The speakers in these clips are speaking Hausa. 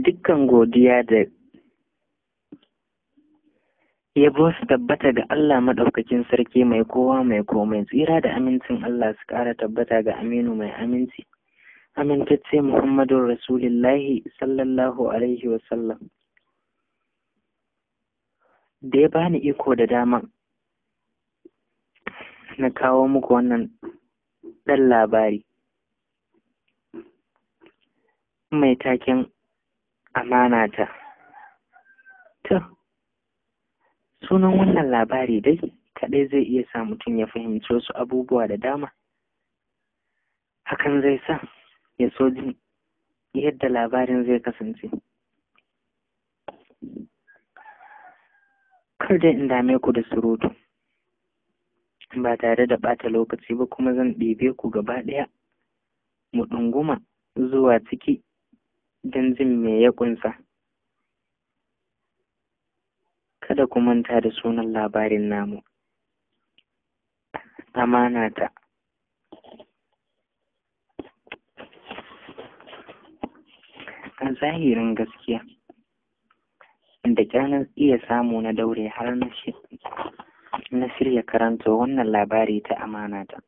dukkan godiya da yabo su tabbata ga Allah maɗaukakin sarki mai kowa mai komai tsira da amincin Allah su ƙara tabbata ga aminu mai aminci amintacce Muhammadun Rasulillahi sallallahu Alaihi wasallam da ya bani iko da dama na kawo muku wannan ɗan labari mai taken amana ta to sunan wannan labari dai kaɗai zai iya sa mutum ya fahimci wasu abubuwa da dama hakan zai sa ya so jin yadda labarin zai kasance kar dai in dame ku da surutu ba tare da ɓata lokaci ba kuma zan ɗebe ku gaba ɗaya mu ɗunguma zuwa ciki don jin me ya ƙunsa. Kada ku manta da sunan labarin namu. Amana ta. A zahirin gaskiya, da kyanar iya samu na daure har na shirya karanta wannan labari ta amana ta.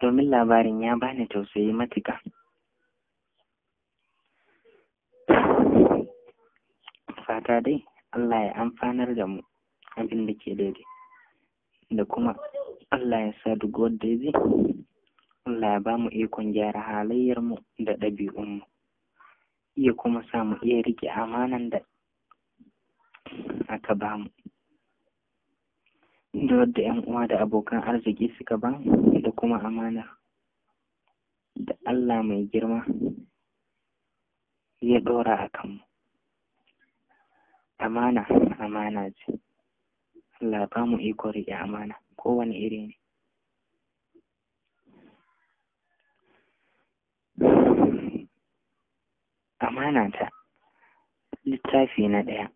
Domin labarin ya bani tausayi matuka. fata dai Allah ya amfanar da mu abin da ke daidai da kuma Allah ya sa duk wanda ya Allah ya ba mu ikon gyara halayyar mu da ɗabi'unmu iya kuma sa mu iya rike amanan da aka ba mu da wadda ‘yan uwa da abokan arziki suka ba da kuma amana da Allah mai girma ya ɗora a kanmu. amana amana ce Allah ba mu iko riƙe amana kowane iri ne amana ta littafi na ɗaya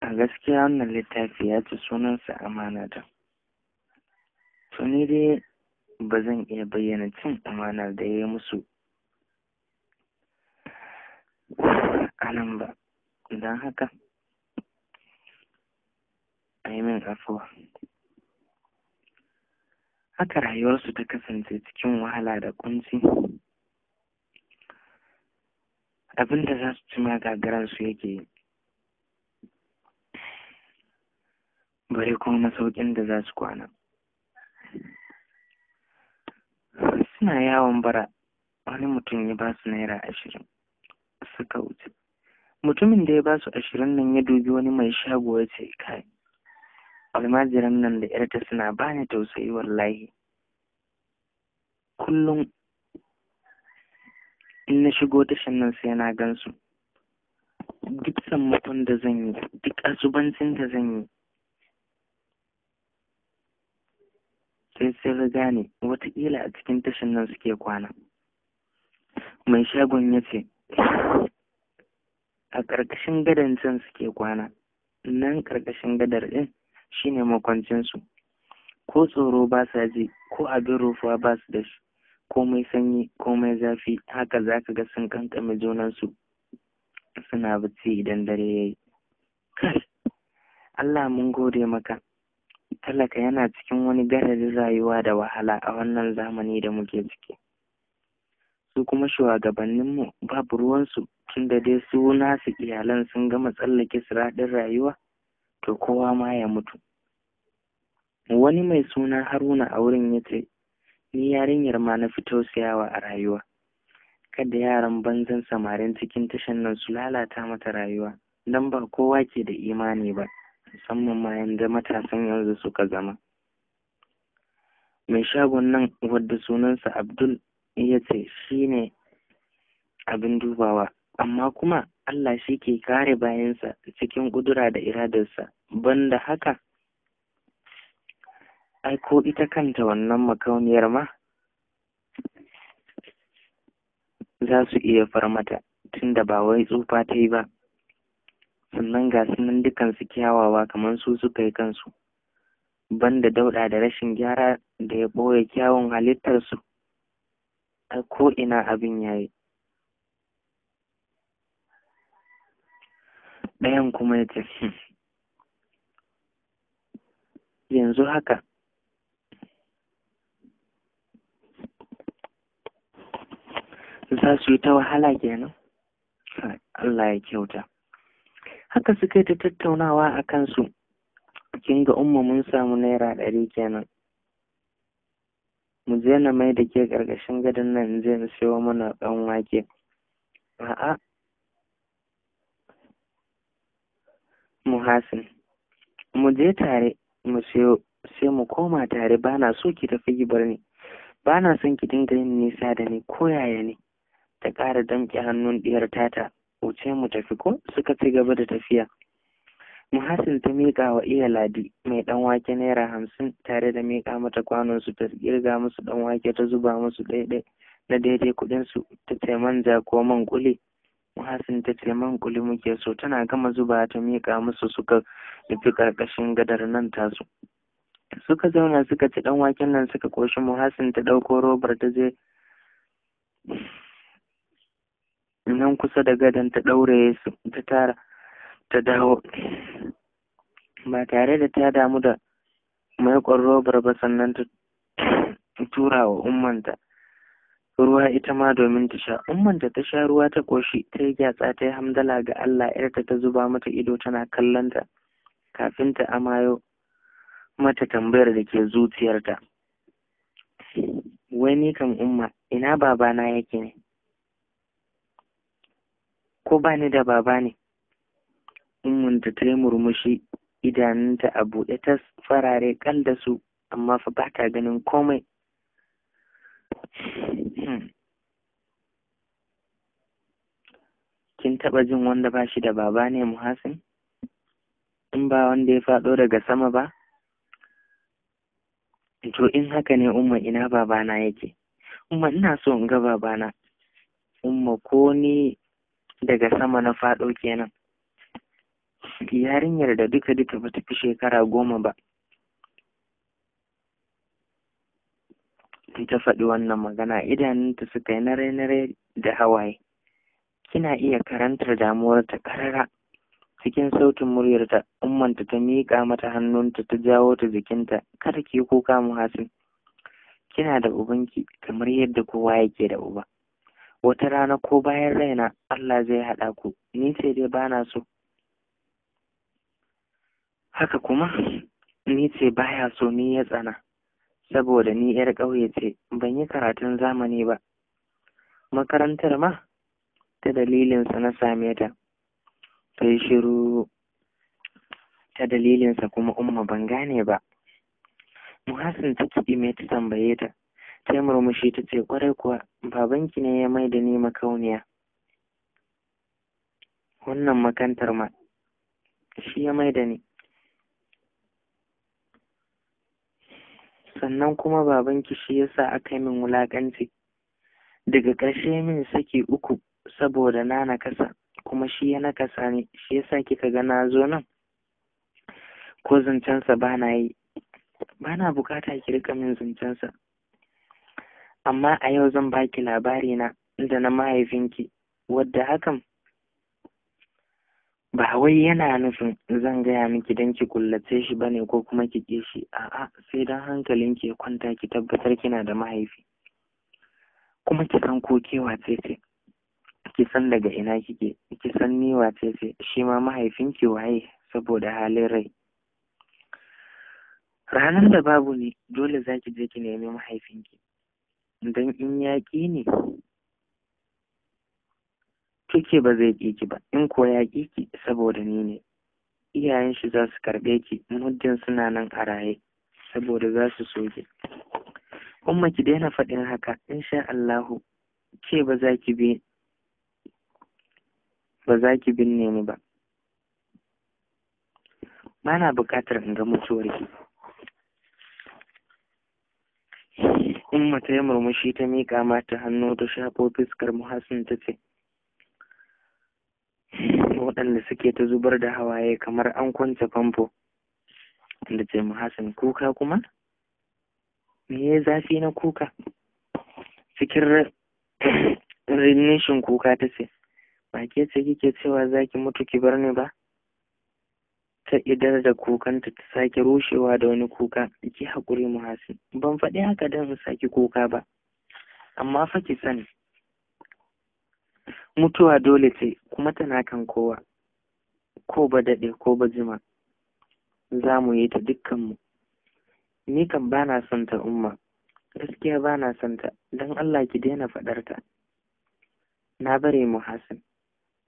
a gaskiya wannan littafi ya ci sunansa amana ta so ni dai ba zan iya bayyana cin amana da ya musu anan ba don haka a min afuwa haka rayuwarsu ta kasance cikin wahala da kunci Abinda da za su ci su yake yi bare kuma masaukin da za su kwana suna yawon bara wani mutum ya ba su naira ashirin suka wuce mutumin da ya ba su ashirin nan ya dubi wani mai shago ya ce kai almajiran nan da yarta suna ba ni tausayi wallahi kullum in na shigo tashan nan sai na gansu duk sammakon da zan yi duk asubancin da zan yi sai sun riga ne watakila a cikin tashin nan suke kwana mai shagon ya ce a ƙarƙashin gadon can suke kwana nan ƙarƙashin gadar ɗin shine su. ko tsoro ba sa ji ko abin rufuwa ba su da shi komai sanyi komai zafi haka za ka ga sun kankame junansu suna bacci idan dare ya yi Allah mun gode maka talaka yana cikin wani gararin rayuwa da wahala a wannan zamani da muke ciki su kuma shugabanninmu babu ruwansu tun da dai su nasu iyalan sun gama tsallake raɗin rayuwa to kowa ma ya mutu wani mai suna haruna a wurin ya ce ni yarinyar ma na fito siyawa a rayuwa kada yaran banzan samarin cikin tashan nan su lalata mata rayuwa don ba kowa ke da imani ba musamman ma yanda matasan yanzu suka zama mai shagon nan wadda sunansa abdul ya ce shi ne abin dubawa amma kuma allah shi ke kare bayansa cikin ƙudura da iradarsa banda haka ai ko ita kanta wannan makauniyar ma za su iya farmata tunda ba wai tsufa ta yi ba sannan ga sunan dukansu kyawawa kamar su suka yi kansu banda dauɗa da rashin gyara da ya ɓoye kyawun halittarsu a ko'ina abin yayi ɗayan kuma ya ce hmm, yanzu haka za su yi ta wahala kenan Allah ya kyauta haka suka ta tattaunawa a kansu kin ga umma mun samu naira ɗari kenan mu je na mai da ke ƙarƙashin gadon nan je in siyo mana ɗan wake a'a muhasin mu je tare mu siyo sai mu koma tare ba na so ki tafi ki bar ni ba na son ki dinga yin nisa da ni ko ne ta ƙara damƙe hannun ɗiyar tata wuce mu tafi ko suka ci gaba da tafiya muhassin ta miƙa wa iya ladi mai ɗan wake naira hamsin tare da miƙa mata kwanon su ta kirga musu ɗan wake ta zuba musu ɗaiɗai na daidai kuɗin su ta ce manja ko man kuli muhassin ta ce man kuli muke so tana gama zuba ta miƙa musu suka nufi ƙarƙashin gadar nan tasu suka zauna suka ci ɗan waken nan suka ƙoshi muhassin ta ɗauko robar ta je nan kusa da gadon ta ɗaure su ta tara ta dawo ba tare da ta damu da maikon robar ba sannan ta tura wa ummanta ruwa ita ma domin ta sha ummanta ta sha ruwa ta ƙoshi ta yi gyatsa ta yi hamdala ga Allah yarta ta zuba mata ido tana kallonta kafin ta amayo mata tambayar da ke zuciyarta Wani kan umma ina babana yake ne ko ba ni da baba ne ummunta ta yi murmushi idanunta a buɗe ta farare kal da su amma fa ba ta ganin komai hmm. kin taɓa jin wanda ba shi da baba ne muhasin in ba wanda ya faɗo daga sama ba to in haka ne umma ina babana yake umma ina so in ga babana umma ko ni daga sama na faɗo kenan yarinyar da duka duka ba ta fi shekara goma ba ta faɗi wannan magana idanunta suka yi nare-nare da hawaye kina iya karantar damuwarta karara cikin sautin muryarta ummanta ta miƙa mata hannunta ta jawo ta jikinta kada ki kuka mu hasin kina da ubanki kamar yadda kowa yake da uba wata rana ko bayan raina Allah zai haɗa ku ni ce dai ba na so haka kuma ni ce baya so ni ya tsana saboda ni yar ƙauye ce ban yi karatun zamani ba makarantar ma ta dalilinsa na same ta ta yi shiru ta dalilinsa kuma umma ban gane ba muhassin ta kiɗi mai ta tambaye ta sai murmushi ta ce kwarai kuwa babanki ne ya mai da ni makauniya wannan makantar ma shi ya mai da ni sannan kuma babanki shi ya sa aka yi min wulaƙanci daga ƙarshe min saki uku saboda na nakasa kuma shi ya nakasa ne shi ya sa kika ga na zo nan ko zancensa ba na yi ba na bukata ki rika min zancensa amma a yau zan baki labari na da na mahaifinki wadda hakan ba wai yana nufin zan gaya miki don ki kullace shi ba ne ko kuma ki ƙi shi a'a sai don ki ya kwanta ki tabbatar kina da mahaifi kuma ki san ko ke wace ce ki san daga ina kike ki san ni wace ce shi ma mahaifinki waye saboda halin rai ranar da babu ne dole za ki je ki nemi mahaifinki dan in ya ƙi ne kike ba zai ƙi ki ba in ko ya ƙi ki saboda ni ne iyayen shi za su karɓe ki muddin suna nan a raye saboda za su so ki umma ki daina faɗin haka in sha Allahu ke ba za ki bi ba za ki binne ni ba Bana buƙatar in ga mutuwarki Umma ta yi murmushi ta miƙa mata hannu ta shafo fuskar Muhassin ta ce, waɗanda suke ta zubar da hawaye kamar an kwance famfo. Da ce Muhassin kuka kuma? Me ya zafi na kuka? Cikin rinnishin kuka ta ce, ba ke ce kike cewa za ki mutu ki bar ni ba? ta idar da kukanta ta sake rushewa da wani kuka ki haƙuri muhasi ban faɗi haka don in sake kuka ba amma fa ki sani mutuwa dole ce kuma tana kan kowa ko ba daɗe ko ba jima za mu yi ta dukkanmu ni kan ba na son ta umma gaskiya ba na son ta don allah ki daina faɗar ta na bare mu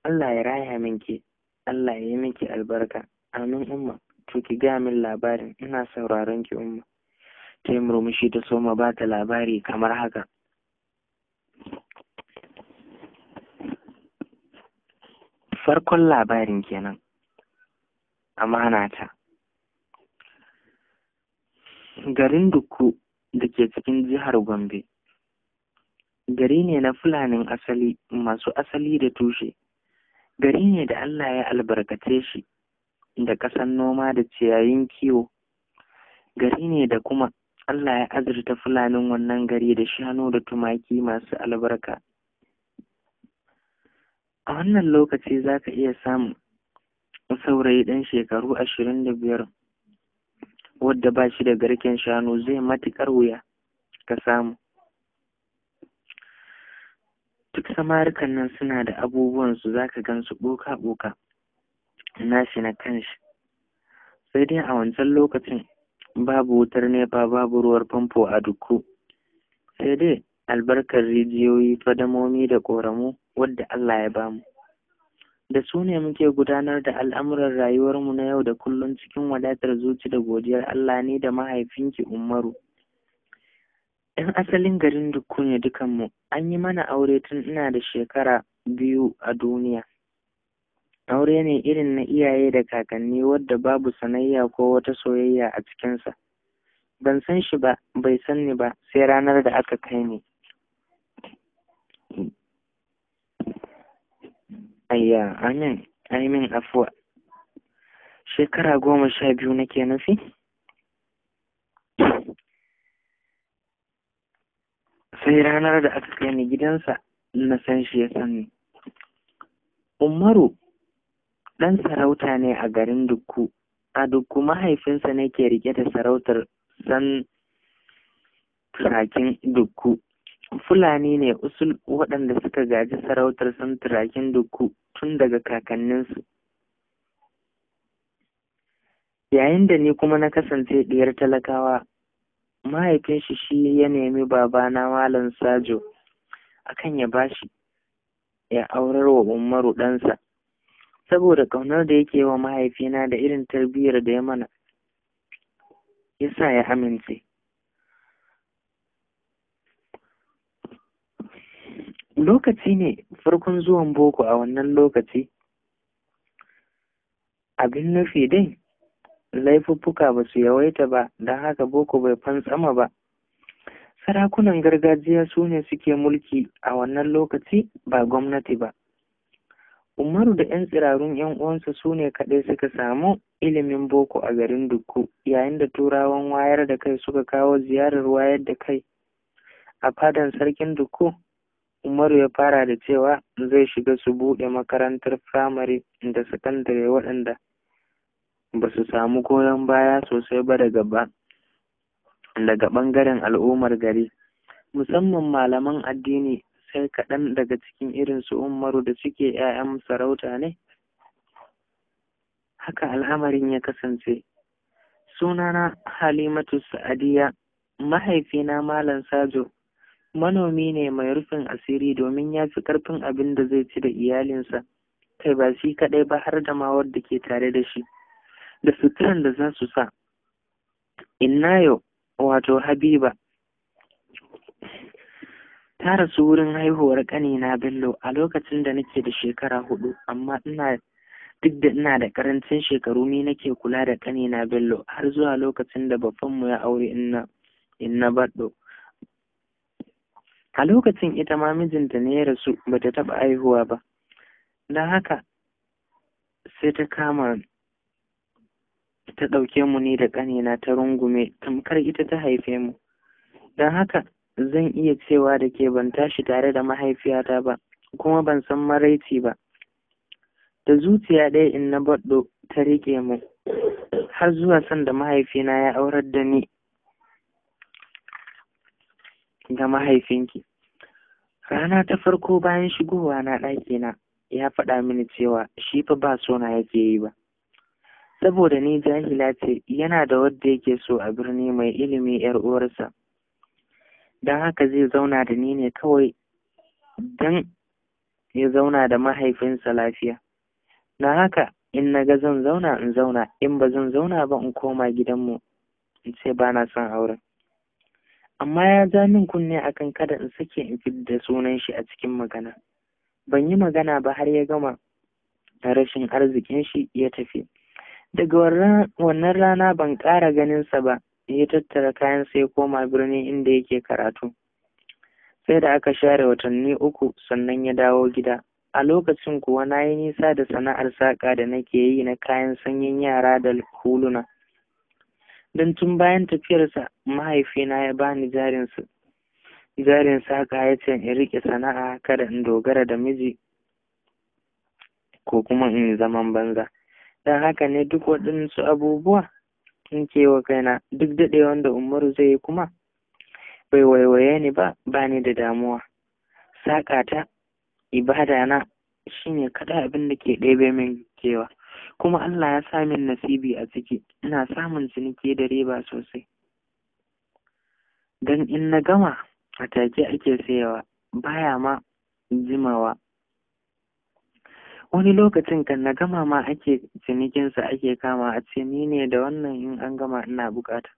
allah ya raya minki allah ya yi miki albarka amin umma to ki gaya min labarin ina sauraron ki umma ta yi murmushi ta soma ba ta labari kamar haka farkon labarin kenan amana ta garin duku da ke cikin jihar gombe gari ne na fulanin asali masu asali da tushe gari ne da allah ya albarkace shi da ƙasan noma da ciyayin kiwo gari ne da kuma Allah ya azurta fulanin wannan gari da shanu da tumaki masu albarka a wannan lokaci za ka iya samun saurayi ɗan shekaru ashirin da biyar wadda ba shi da garken shanu zai matuƙar wuya ka samu duk samarikan nan suna da abubuwansu za ka gansu su ɓoka-ɓoka nashi na kanshi sai dai a wancan lokacin babu wutar nefa babu ruwar famfo a duku sai dai albarkar rijiyoyi fadamomi da ƙoramu wadda Allah ya bamu da su ne muke gudanar da al'amuran rayuwarmu na yau da kullum cikin wadatar zuci da godiyar Allah ne da mahaifinki Umaru. ‘Yan asalin garin Dukku ne dukanmu, an yi mana aure tun ina da shekara biyu a duniya. aure ne irin na iyaye da kakanni wadda babu sanayya ko wata soyayya a cikinsa ban san shi ba bai san ni ba sai ranar da aka kai ni ayya amin amin afuwa shekara goma sha biyu nake nufi sai ranar da aka kai ni gidansa na san shi ya san ni umaru ɗan sarauta ne a garin duku, A Dukku mahaifinsa ne ke rike da sarautar san turakin Dukku. Fulani ne usul waɗanda suka gaji sarautar san turakin Dukku tun daga kakanninsu. Yayin da ni kuma na kasance ɗiyar talakawa, mahaifin shi shi ya nemi babana Malam Sajo akan ya bashi ya aurar wa Umaru ɗansa. saboda ƙaunar da yake wa mahaifina da irin tarbiyyar da ya mana yasa ya amince lokaci ne farkon zuwan boko a wannan lokaci abin nufi dai laifuffuka ba su yawaita ba don haka boko bai fantsama ba sarakunan gargajiya su ne suke mulki a wannan lokaci ba gwamnati ba Umaru da 'yan tsirarun 'yan uwansa su ne kaɗai suka samu ilimin boko a garin Dukku, yayin da turawan wayar da kai suka kawo ziyarar wayar da kai a fadan sarkin Dukku. Umaru ya fara da cewa zai shiga su buɗe makarantar firamare da sakandare waɗanda ba su samu goyon baya sosai ba daga daga ɓangaren al'ummar gari, musamman malaman addini sai kaɗan daga cikin irin su umaru da suke 'ya'yan sarauta ne haka al'amarin ya kasance sunana halimatu sa'adiya mahaifina malam sajo manomi ne mai rufin asiri domin ya fi ƙarfin abin da zai ci da iyalinsa kai ba shi kaɗai ba har da ma wadda ke tare da shi da suturan da za su sa inna yau wato habiba ta rasu wurin haihuwar ƙanina bello a lokacin da nake da shekara hudu amma ina duk da ina da karancin shekaru ni nake kula da ƙanina bello har zuwa lokacin da babban mu ya aure inna inna baɗo a lokacin ita ma mijinta ne ya rasu ba ta taɓa haihuwa ba don haka sai ta kama ta ɗauke mu ni da ƙanina ta rungume tamkar ita ta haife mu don haka zan iya cewa da ke ban tashi tare da mahaifiyata ba kuma ban san maraici ba da zuciya ɗaya in na baɗo ta riƙe mu har zuwa sanda mahaifina ya aurar da ni ga mahaifinki rana ta farko bayan shigowa na ɗakina ya faɗa mini cewa shi fa ba sona yake yi ba saboda ni jahila ce yana da wadda yake so a birni mai ilimi yar uwarsa don haka zai zauna da ni ne kawai don ya zauna da mahaifinsa lafiya na haka in na ga zan zauna in zauna in ba zan zauna ba in koma gidanmu in ce ba na son auren amma ya ja min kunne akan kada in sake in fi da sunan shi a cikin magana ban yi magana ba har ya gama rashin arzikin shi ya tafi daga wannan rana ban ƙara ganinsa ba ya tattara kayan sai koma birni inda yake karatu sai da aka share watanni uku sannan ya dawo gida a lokacin kuwa na yi nisa da sana'ar saƙa da nake yi na kayan sanyin yara da huluna don tun bayan tafiyarsa mahaifina ya bani jarinsu jarin saƙa ya ce in riƙe sana'a kada in dogara da miji ko kuma in zaman banza don haka ne duk waɗansu abubuwa cikin ce wa kaina duk daɗewan da umaru zai yi kuma bai waiwaye ni ba ba ni da damuwa Saƙa ta ibada na shi ne kaɗa abin da ke ɗebe min kewa kuma Allah ya sa min nasibi a ciki ina samun ciniki da riba sosai dan in na gama a take ake sayawa baya ma jimawa wani lokacin kan na gama ma ake cinikinsa ake kama a ce ni ne da wannan in an gama ina bukata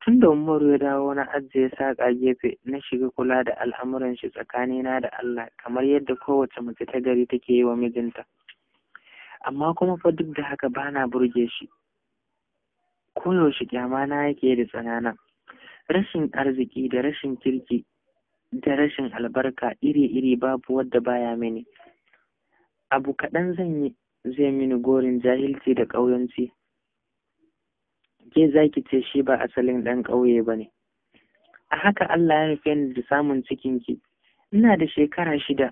tun da umaru ya dawo na ajiye saƙa gefe na shiga kula da al'amuran shi na da allah kamar yadda kowace mace ta gari take yi wa mijinta amma kuma fa duk da haka bana burge shi koyaushe kyama na yake da tsanana rashin arziki da rashin kirki da rashin albarka iri-iri babu wadda baya mini abu kaɗan zan yi zai mini gorin jahilci da ƙauyanci ke zaki ce shi ba asalin ɗan ƙauye ba ne a haka Allah ya rufe ni da samun cikinki ina da shekara shida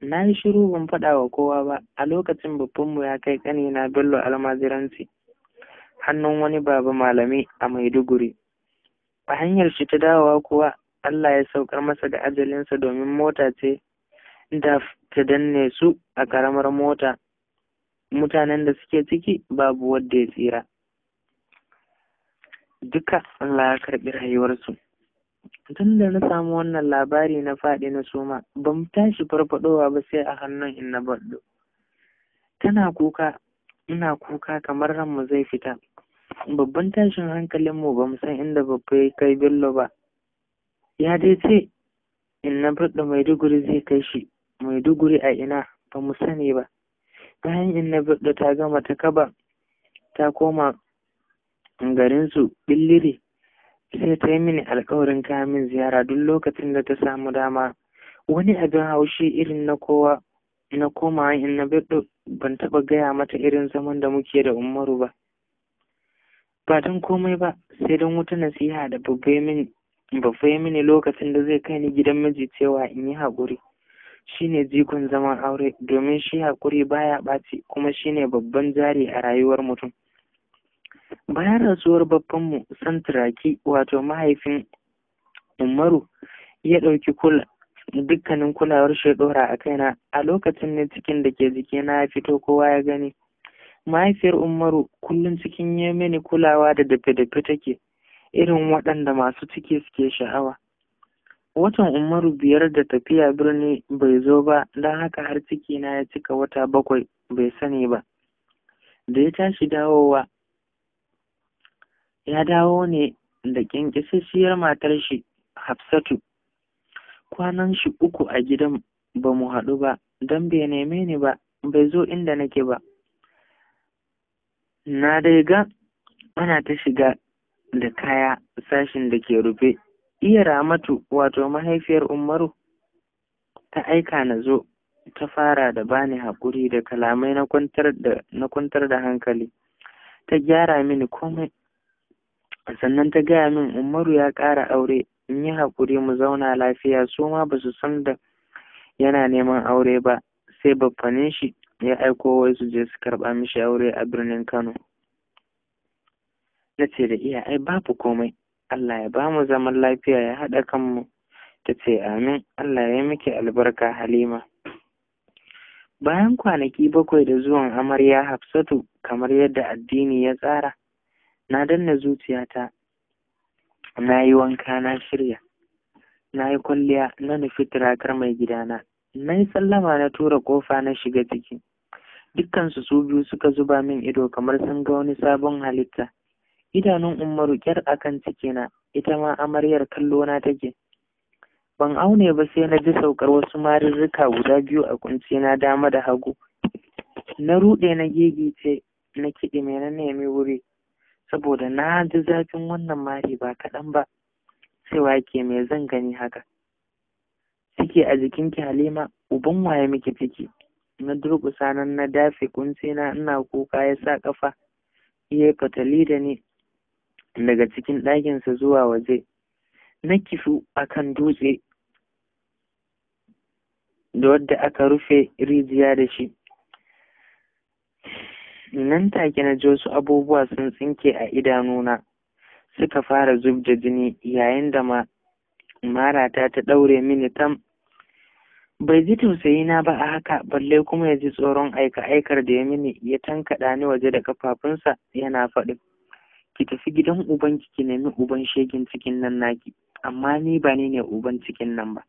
na yi shiru ban faɗa wa kowa ba a lokacin babbanmu ya kai ƙanina bello almaziranci hannun wani baba malami a maiduguri a hanyar shi ta dawowa kuwa Allah ya saukar masa da ajalinsa domin mota ce da ta danne su a karamar mota mutanen da suke ciki babu wadda ya tsira duka Allah ya karɓi rayuwarsu tun da na samu wannan labari na faɗi na soma ban tashi farfadowa ba sai a hannun inna baddo tana kuka ina kuka kamar ranmu zai fita babban tashin hankalinmu ba mu san inda babba ya kai billo ba ya dai ce inna mai maiduguri zai kai shi maiduguri a ina ba mu sani ba bayan inna da ta gama ta kaba ta koma garinsu billiri sai ta yi mini alkawarin kamin ziyara duk lokacin da ta samu dama wani abin haushi irin na kowa na koma in na ban taɓa gaya mata irin zaman da muke da umaru ba ba don komai ba sai don wuta nasiha da babbai mini lokacin da zai kai ni gidan miji cewa in yi haƙuri shine jikon zaman aure domin shi haƙuri baya ɓaci kuma shine babban jari a rayuwar mutum bayan rasuwar babbanmu turaki, wato mahaifin umaru ya ɗauki kula dukkanin kulawar shi ɗora a kaina a lokacin ne cikin da ke jikina ya fito kowa ya gani mahaifiyar umaru kullum cikin ya mini kulawa da dafe-dafe take irin waɗanda masu ciki suke sha'awa watan umaru biyar da tafiya birni bai zo ba don haka har ciki na ya cika wata bakwai bai sani ba da ya tashi dawowa ya dawo ne da ƙyanƙyasasshiyar matar shi hafsatu kwanan shi uku a gidan ba mu haɗu ba don bai neme ni ba bai zo inda nake ba na dai ga ana ta shiga da kaya sashin da ke rufe iya ramatu wato mahaifiyar umaru ta aika na zo ta fara da bani haƙuri da kalamai na kwantar da hankali ta gyara mini komai sannan ta gaya min umaru ya ƙara aure in yi haƙuri mu zauna lafiya su ma ba su san da yana neman aure ba sai baffanin shi ya aiko wai su je su karɓa mishi aure a birnin kano na ce da iya ai babu komai Allah ya bamu zaman lafiya ya haɗa kanmu ta ce amin Allah ya muke albarka Halima bayan kwanaki bakwai da zuwan amarya Hafsatu kamar yadda addini ya tsara na danna zuciyata na yi wanka na shirya na yi kwalliya na nufi turakar mai gidana na yi sallama na tura kofa na shiga ciki dukkansu su biyu suka zuba min ido kamar sun ga wani sabon halitta idanun umaru kyar kan cikina ita ma amaryar kallona take ban aune ba sai na ji saukar wasu marirrika guda biyu a kunce na dama da hagu na ruɗe na gegice na kiɗi mai na nemi wuri saboda na ji zafin wannan mari ba kaɗan ba cewa ke mai zan gani haka ciki a jikinki halima uban waye miki ciki na durƙusa nan na dafe kunce na ina kuka ya sa ƙafa ya fatali da ni daga cikin ɗakinsa zuwa waje na kisu kan dutse da wadda aka rufe rijiya da shi nan take na ji wasu abubuwa sun tsinke a idanuna suka fara zub da jini yayin da ma marata ta ɗaure mini tam bai ji tausayi na ba a haka balle kuma ya ji tsoron aika aikar da ya mini ya tankaɗa ni waje da kafafunsa yana faɗi ki tafi gidan ubanki ki nemi uban shegin cikin nan naki amma ni ba ni ne uban cikin nan ba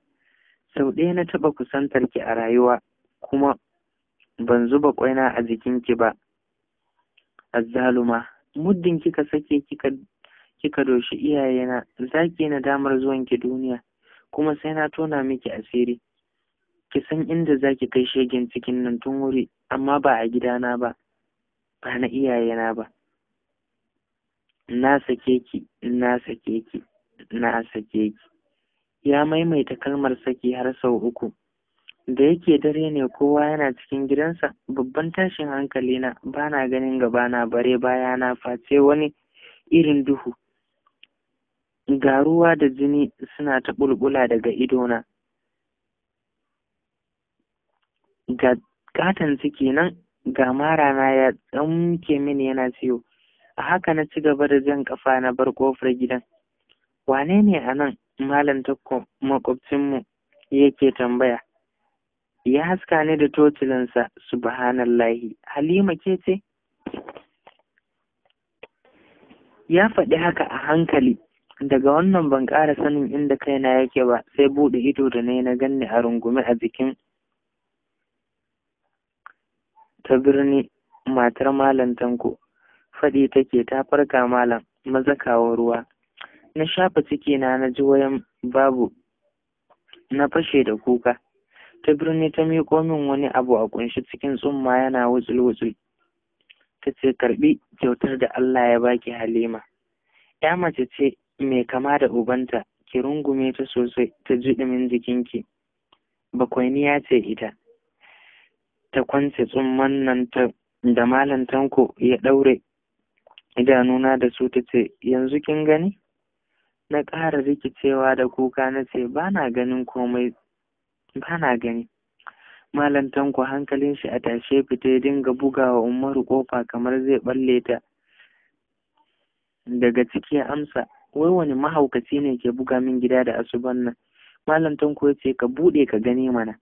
sau ɗaya na taɓa kusantar ki a rayuwa kuma ban zuba ƙwaina a jikinki ba azzaluma muddin kika sake kika kika doshi iyayena za ki na damar zuwan ki duniya kuma sai na tona miki asiri ki san inda za ki kai shegin cikin nan tun wuri amma ba a gidana ba ba na iyayena ba na sake ki na sake ki na sake ki ya maimaita kalmar saki har sau uku da yake dare ne kowa yana cikin gidansa babban tashin hankali na bana ganin gabana bare baya na face wani irin duhu Garuwa da jini suna ta bulbula daga idona ga katon ciki nan ga mara na ya tsamke mini yana ciwo a haka na ci gaba da jan kafa na bar kofar gidan wane ne a nan malam takko makwabcinmu yake tambaya ya haska ni da tocilinsa subhanallahi halima ke ce ya faɗi haka a hankali daga wannan ban ƙara sanin inda kaina yake ba sai buɗe ido da nai na ganni a rungume a jikin ta birni matar malam tanko faɗi take ta farka malam maza kawo ruwa na shafa cikina na ji wayan babu na fashe da kuka ta birni ta miƙo min wani abu a kunshi cikin tsumma yana wutsul wutsul ta ce karɓi kyautar da Allah ya baki Halima ya mace ce mai kama da ubanta ki rungume ta sosai ta ji ɗumin jikinki bakwainiya ce ita ta kwance tsumman nan ta da malam tanko ya ɗaure idanuna da su ta ce yanzu kin gani na ƙara rikicewa da kuka na ce ba na ganin komai ba gani malam tanko hankalin shi a tashe fita ya dinga bugawa umaru kofa kamar zai balle ta daga ciki amsa wai wani mahaukaci ne ke buga min gida da asuban nan malam tanko ya ce ka buɗe ka gani mana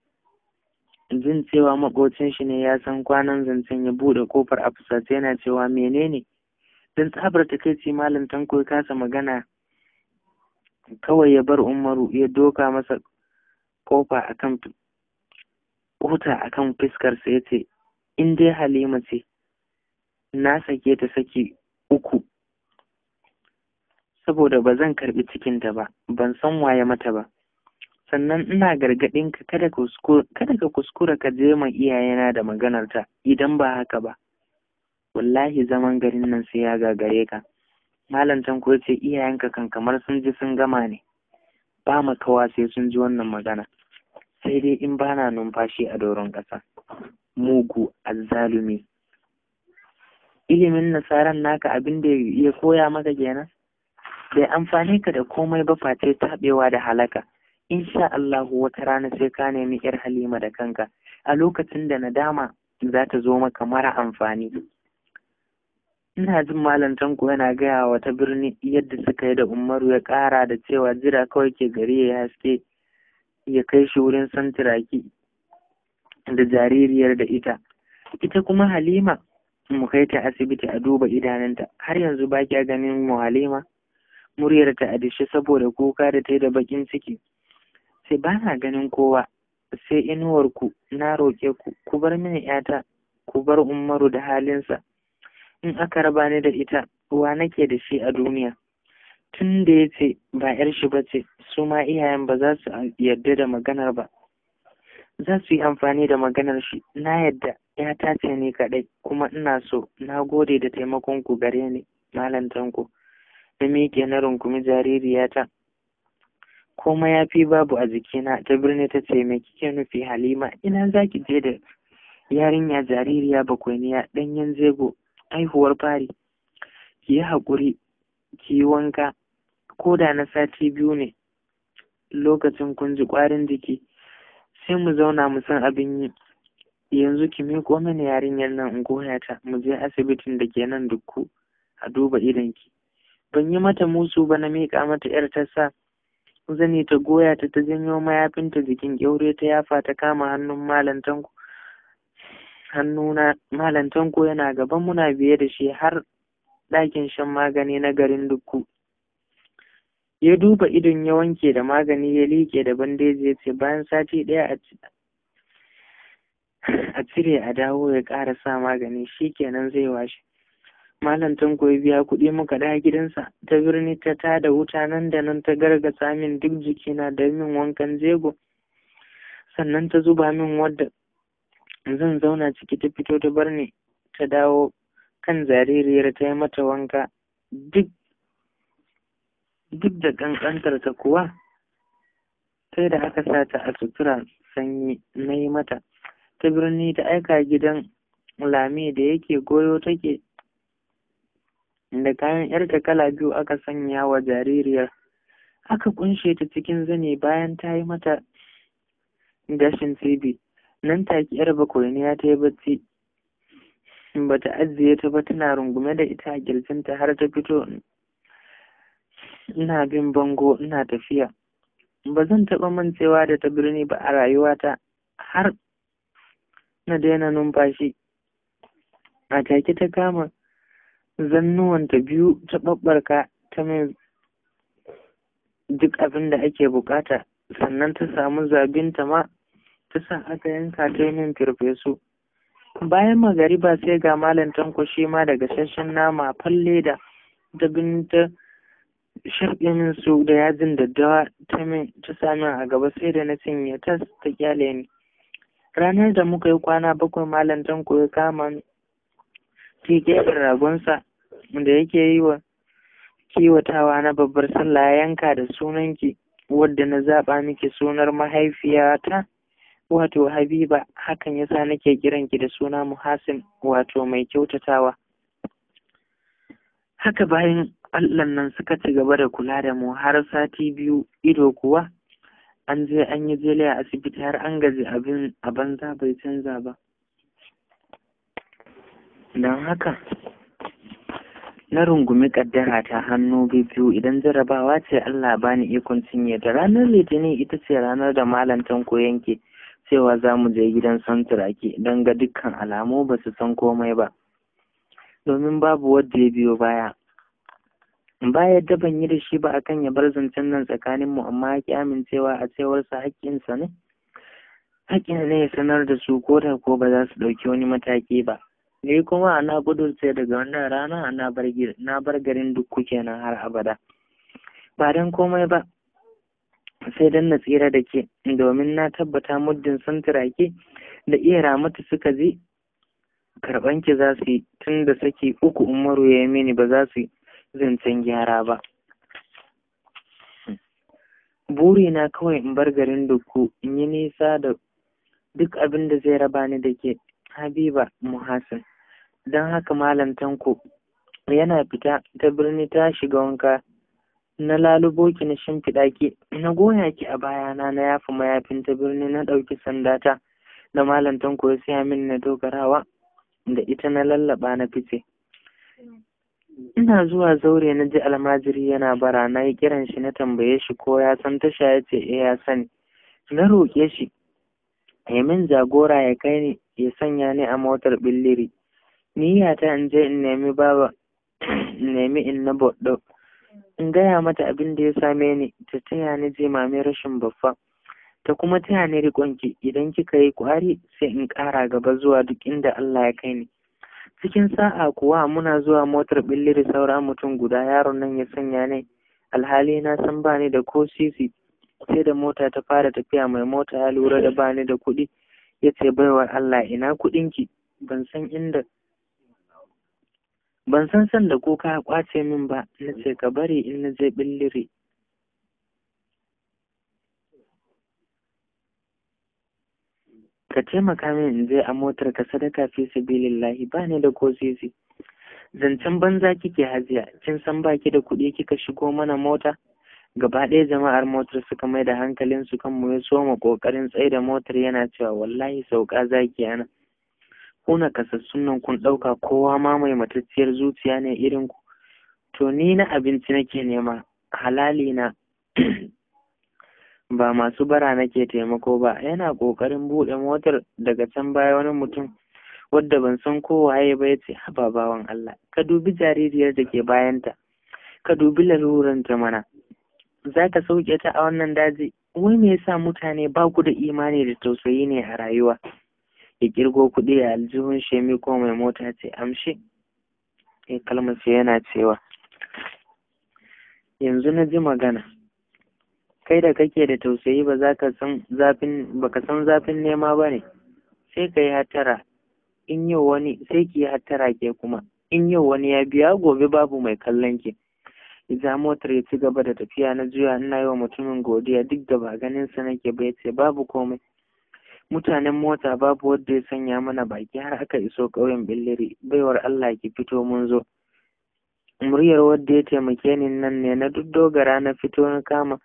jin cewa makocin shi ne ya san kwanan zancen ya buɗe kofar a fusace yana cewa menene don tsabar ta ce malam tanko ya kasa magana kawai ya bar umaru ya doka masa kofa akan kota akan fuskarsa ya ce in dai halima ce na sake ta saki uku saboda ba zan cikin ta ba ban san waye mata ba sannan ina gargadin ka kada ka kuskura ka je ma iyayena da maganarta idan ba haka ba wallahi zaman garin nan sai ya gagare ka malam can ko ce iyayenka kan kamar sun ji sun gama ne ba makawa sai sun ji wannan magana sai dai in bana numfashi a doron ƙasa mugu azzalumi ilimin nasaran naka abin da ya koya maka kenan bai amfani ka da komai ba face taɓewa da halaka insha Allahu wata rana sai ka nemi yar halima da kanka a lokacin da nadama za ta zo maka mara amfani ina jin malam tanko yana gaya wa ta birni yadda suka yi da umaru ya ƙara da cewa jira kawai ke gari ya haske ya kai shi wurin santiraki da jaririyar da ita ita kuma halima mu kai ta asibiti a duba idanunta har yanzu ba kya ganin mu halima muryar ta a dishe saboda kuka da ta yi da bakin ciki sai ba na ganin kowa sai inuwarku na roƙe ku ku bar mini yata ku bar umaru da halinsa in aka raba ni da ita wa nake da shi a duniya tun da ya ce ba yar shi ba ce su ma iyayen ba za su yarda da maganar ba za su yi amfani da maganar shi na yadda ya tace ni kaɗai kuma ina so na gode da taimakon ku gare ni malam tanko na miƙe na rungumi jaririyata koma ya fi babu a jikina ta birni ta ce mai kike nufi halima ina za ki je da yarinya jaririya bakwai ɗanyen zego haihuwar fari ki yi haƙuri ki yi wanka ko da na sati biyu ne lokacin kun ji ƙwarin jiki sai mu zauna mu san abin yi yanzu ki miƙo mana yarinyar nan in goya ta mu je asibitin da ke nan dukku a duba ki ban yi mata musu ba na miƙa mata yar ta sa zani ta goya ta ta janyo mayafinta jikin ƙyaure ta yafa ta kama hannun malam hannuna malam tanko yana gaban muna biye da shi har ɗakin shan magani na garin dukku ya duba idon ya wanke da magani ya liƙe da bandeji ya ce bayan sati ɗaya a cire a dawo ya ƙara sa magani shi kenan zai washe malam tanko ya biya kuɗi muka da gidansa ta birni ta tada wuta nan da nan ta gargasa min duk jikina da min wankan jego sannan ta zuba min wadda zan zauna ciki ta fito ta bar ni ta dawo kan jaririyar ta yi mata wanka duk duk da ta kuwa sai da aka sa ta a sutura sanyi na yi mata ta birni ta aika gidan lami da yake goyo take da kayan yarta kala biyu aka sanya wa jaririyar aka kunshe ta cikin zane bayan ta yi mata gashin TV. nan take yar bakwai ta yi bacci ba ta ajiye ta ba tana rungume da ita a kirjinta har ta fito ina bin bango ina tafiya ba zan taɓa mancewa da ta birni ba a rayuwata har na daina numfashi a take ta kama zannuwanta biyu ta ɓaɓɓarka ta mai duk abin da ake bukata sannan ta samu zabinta ma ta aka yanka ta yin su. bayan magariba sai ga malam tanko shi ma da gasasshen nama falle da ta binta shirɗin su da yajin daddawa ta sami a gaba sai da na cinye ta ta kyale ni ranar da muka yi kwana bakwai malam tanko ya kama gefen ragonsa da yake yi wa kiwatawa na babbar sallah ya yanka da sunanki wadda na zaɓa miki sunar mahaifiyata wato habiba hakan yasa nake kiran ki da suna muhasin wato mai kyautatawa haka bayan allah nan suka ci gaba da kula da mu har sati biyu ido kuwa an je an yi jeliya a asibiti har an gaji abin a banza bai canza ba don haka na rungumi kaddara ta hannu biyu idan jarabawa ce Allah bani ikon cinye da ranar litinin ita ce ranar da malam tanko yanke cewa za mu je gidan santuraki don ga dukkan alamu ba su san komai ba domin babu wadda ya biyo baya Ba yadda ban yi da shi ba akan ya bar zancen nan tsakaninmu amma ya ki amincewa a cewarsa haƙƙinsa ne haƙƙin ne ya sanar da su ko da ko ba za su ɗauki wani mataki ba ni kuma ana gudun sai daga wannan rana ana bar garin duk kenan har abada ba don komai ba sai dan na tsira da ke domin na tabbata muddin sun turake da iya ramatu suka je karban ki za su yi tun da saki uku umaru ya yi mini ba za su yi zancen gyara ba buri na kawai in bar garin dukku, in yi nisa da duk abin da zai raba ni da ke habiba muhasin don haka malam tanko yana fita ta birni ta shiga wanka na lalubo ki na shimfiɗa ki na goya ki a bayana na yafi mayafin ta birni na ɗauki sandata da malam tanko ya siya min na dogarawa da ita na lallaba na fice ina zuwa zaure na ji almajiri yana bara na yi kiran shi na tambaye shi ko ya san tasha ya ce eh ya sani na roƙe shi ya min jagora ya kai ni ya sanya ni a motar billiri niyyata in je in nemi baba in nemi in na in gaya mata abin da ya same ni ta taya ni jimame rashin baffa ta kuma taya ni riƙonki idan kika yi ƙwari sai in ƙara gaba zuwa duk inda Allah ya kai ni cikin sa'a kuwa muna zuwa motar billiri saura mutum guda yaron nan ya sanya ne alhali na san ba ni da ko sisi sai da mota ta fara tafiya mai mota ya lura da ba ni da kuɗi ya ce baiwar Allah ina kuɗinki ban san inda ban san san da kuka ya kwace min ba na ce ka bari in na je billiri ka taimaka min in je a motar ka sadaka fi sabilillahi ba ne da ko zizi zancen banza kike hajiya kin san baki da kuɗi kika shigo mana mota gaba ɗaya jama'ar motar suka mai da hankalinsu kan mu ya soma ƙoƙarin tsaida motar yana cewa wallahi sauka zaki nan. ku kasassun nan kun ɗauka kowa ma mai matacciyar zuciya ne irin ku to ni na abinci nake nema halali na ba masu bara nake taimako ba yana ƙoƙarin buɗe motar daga can baya wani mutum wadda ban san ko ba ya ce bawan Allah ka dubi jaririyar da ke bayanta ka dubi laruranta mana za ka sauke ta a wannan daji wai me yasa mutane ba ku da imani da tausayi ne a rayuwa ya kirgo kuɗi a aljihun shemi ko mai mota ce amshi ya eh, kalmace yana cewa yanzu na ji magana kai da kake da tausayi ba za ka san zafin ka san zafin nema ba ne sai ka yi hattara in yau wani sai ki yi hattara ke kuma in yau wani ya biya gobe babu mai kallon ki Iza motar ya ci gaba da tafiya na juya ina yi wa mutumin godiya duk da ba ganin sa nake ba ce babu komai mutanen mota babu wadda ya sanya mana baki har aka iso ƙauyen billiri baiwar Allah ki fito mun zo muryar wanda ya taimake ni nan ne na duk dogara na fito na kama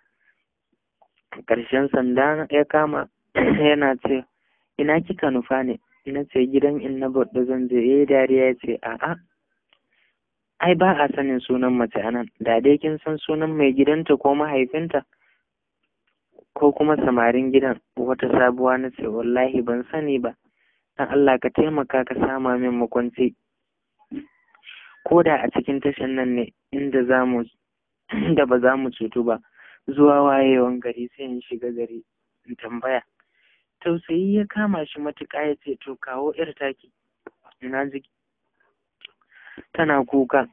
ƙarshen sanda ya kama yana ce ina kika nufa ne na ce gidan inna da zan je yayi dariya ya ce a'a ai ba a sanin sunan mace anan da dai kin san sunan mai gidanta ko mahaifinta ko kuma samarin gidan wata sabuwa na ce wallahi ban sani ba dan Allah ka taimaka ka sama min makwanci ko da a cikin tashan nan ne inda za mu inda ba za mu cutu ba zuwa wayewan gari sai in shiga gari in tambaya tausayi ya kama shi matuƙa ya ce to kawo yar taki ina jiki tana kuka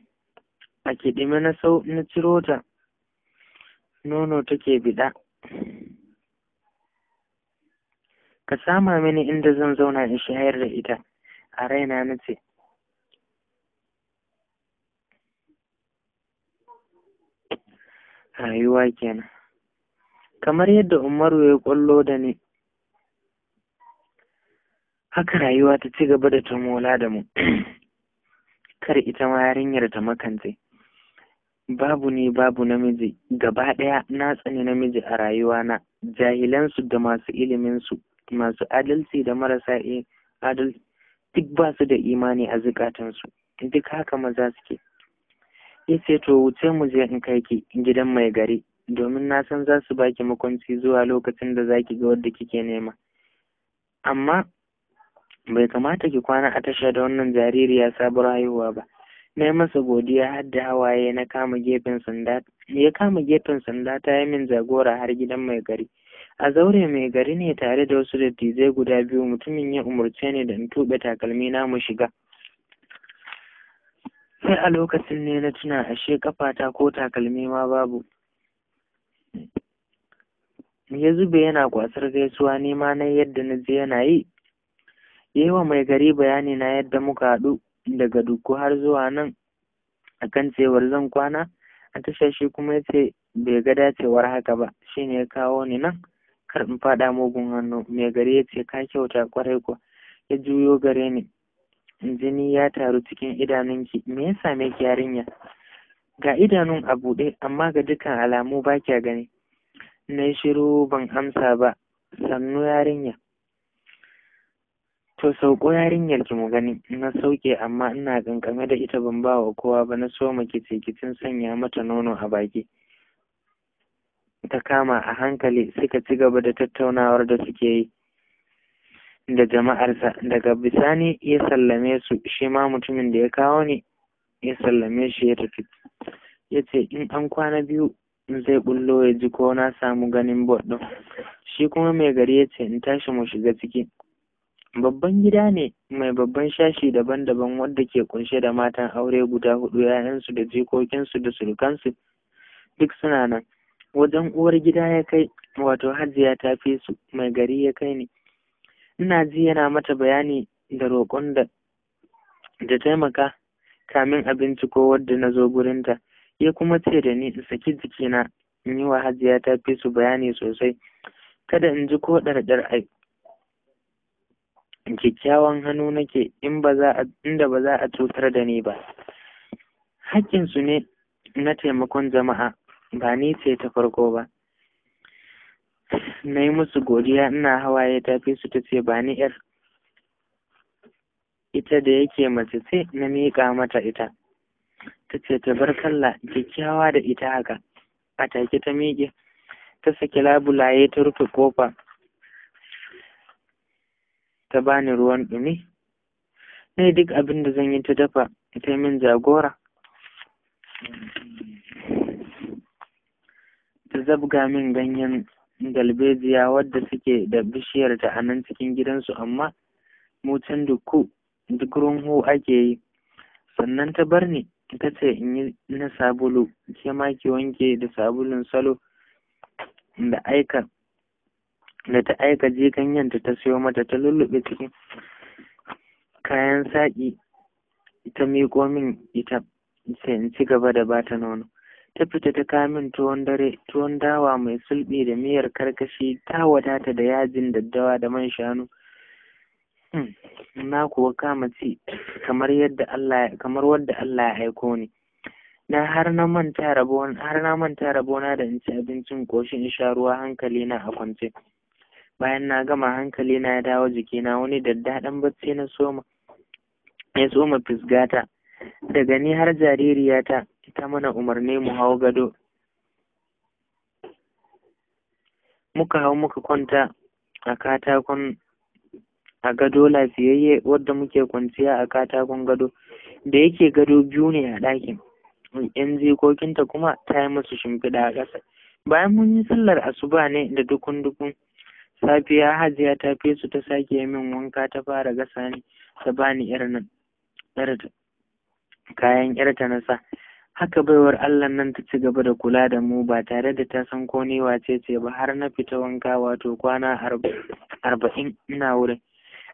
a kiɗime na sau na ciro ta nono take biɗa ka sama mini inda zan zauna in shayar da ita a raina na rayuwa kenan kamar yadda umaru ya kwallo da ni haka rayuwa ta ci gaba da tumola da mu kar ita ma yarinyar ta makance babu ne babu namiji gaba ɗaya na tsani namiji a rayuwa na jahilansu da masu iliminsu masu adalci da marasa adalci duk ba su da imani a zukatansu duk haka maza suke ce to wuce mu je in kai ki gidan mai gari domin na san za su baki makwanci zuwa lokacin da zaki ga wadda kike nema amma bai kamata ki kwana a tasha da wannan jaririya sabuwar haihuwa ba na yi masa godiya har da hawaye na kama gefen sanda ya kama gefen sanda ta yi min jagora har gidan mai gari a zaure mai gari ne tare da wasu dattijai guda biyu mutumin ya umarce ni da in tuɓe takalmi na mu shiga sai a lokacin ne na tuna ashe kafata ko takalmi ma babu ya zube yana kwasar gaisuwa nema na yadda na je yana yi yi wa mai gari bayani na yadda muka haɗu daga duku har zuwa nan akan cewar zan kwana a shi kuma ya ce bai ga dacewar haka ba shine ya kawo ni nan in faɗa mugun hannu mai gari ya ce ka kyauta kwarai ko ya juyo gare ni jini ya taru cikin idanunki me ya same ki yarinya ga idanun a buɗe amma ga dukkan alamu ba kya gani na yi shiru ban amsa ba sannu yarinya to sauko yarinyar ki mu gani na sauke amma ina kankame da ita ban ba wa kowa ba na so kice kicin sanya mata nono a baki ta kama a hankali suka ci gaba da tattaunawar da suke yi da jama'arsa daga bisani ya sallame su shi ma mutumin da ya kawo ne ya sallame shi ya tafi ya ce in an kwana biyu zai bullo ya ji ko na samu ganin bot shi kuma mai gari ya ce in tashi mu shiga ciki babban gida ne mai babban shashi daban-daban wadda ke kunshe da matan aure guda hudu yayansu da jikokinsu da surukansu duk suna nan wajen uwar gida ya kai wato hajiya ta fi su mai gari ya kai ne ina ji yana mata bayani da roƙon da da taimaka kamin abinci ko wadda na zo gurinta ya kuma ce da ni in saki jikina in yi wa hajiya ta fi su bayani sosai kada in ji ko ɗarɗar ai kyakkyawan hannu nake inda ba za a cutar da ni ba haƙƙinsu ne na taimakon jama'a ba ni ce ta farko ba na yi musu godiya ina hawaye ya su ta ce ba ni yar ita da yake mace ce na miƙa mata ita ta ce ta bar kalla kyakkyawa da ita haka a take ta miƙe ta saki labulaye ta rufe kofa ta bani ruwan ɗumi na duk abin da zan yi ta dafa ta min jagora zabga min ganyen galbejiya wadda suke da bishiyarta a nan cikin gidansu amma mu can duk runhu ake yi sannan ta bar ni ta ce in yi na sabulu ke ki wanke da sabulun salo da aika da ta aika je ganyenta ta siyo mata ta lullube cikin kayan saƙi ta miƙo min ita sai in ci gaba da bata nono ta fita ta kamin tuwon dare tuwon dawa mai sulɓi da miyar karkashi ta wadata da yajin daddawa da man shanu hmm, na kuwa kama ci kamar yadda Allah kamar wadda Allah ya aiko ni na har na manta har na manta rabona da in ci abincin koshin in sha ruwa hankali na a kwance bayan na gama hankali na ya dawo jikina wani daddaɗan bacci na soma ya soma fisgata daga ni har jaririyata ta mana umarni mu hau gado muka hau muka kwanta a katakon a gado lafiyayye wadda muke kwanciya a katakon gado da yake gado biyu ne a ɗakin yan jikokinta kuma ta yi musu shimfiɗa a ƙasa bayan mun yi sallar asuba ne da dukun dukun safiya hajiya ta fi su ta sake min wanka ta fara gasa ne ta bani irin kayan yarta na sa haka baiwar Allah nan ta ci gaba da kula da mu ba tare da ta san ko ni wace ce ba har na fita wanka wato kwana arba'in ina wurin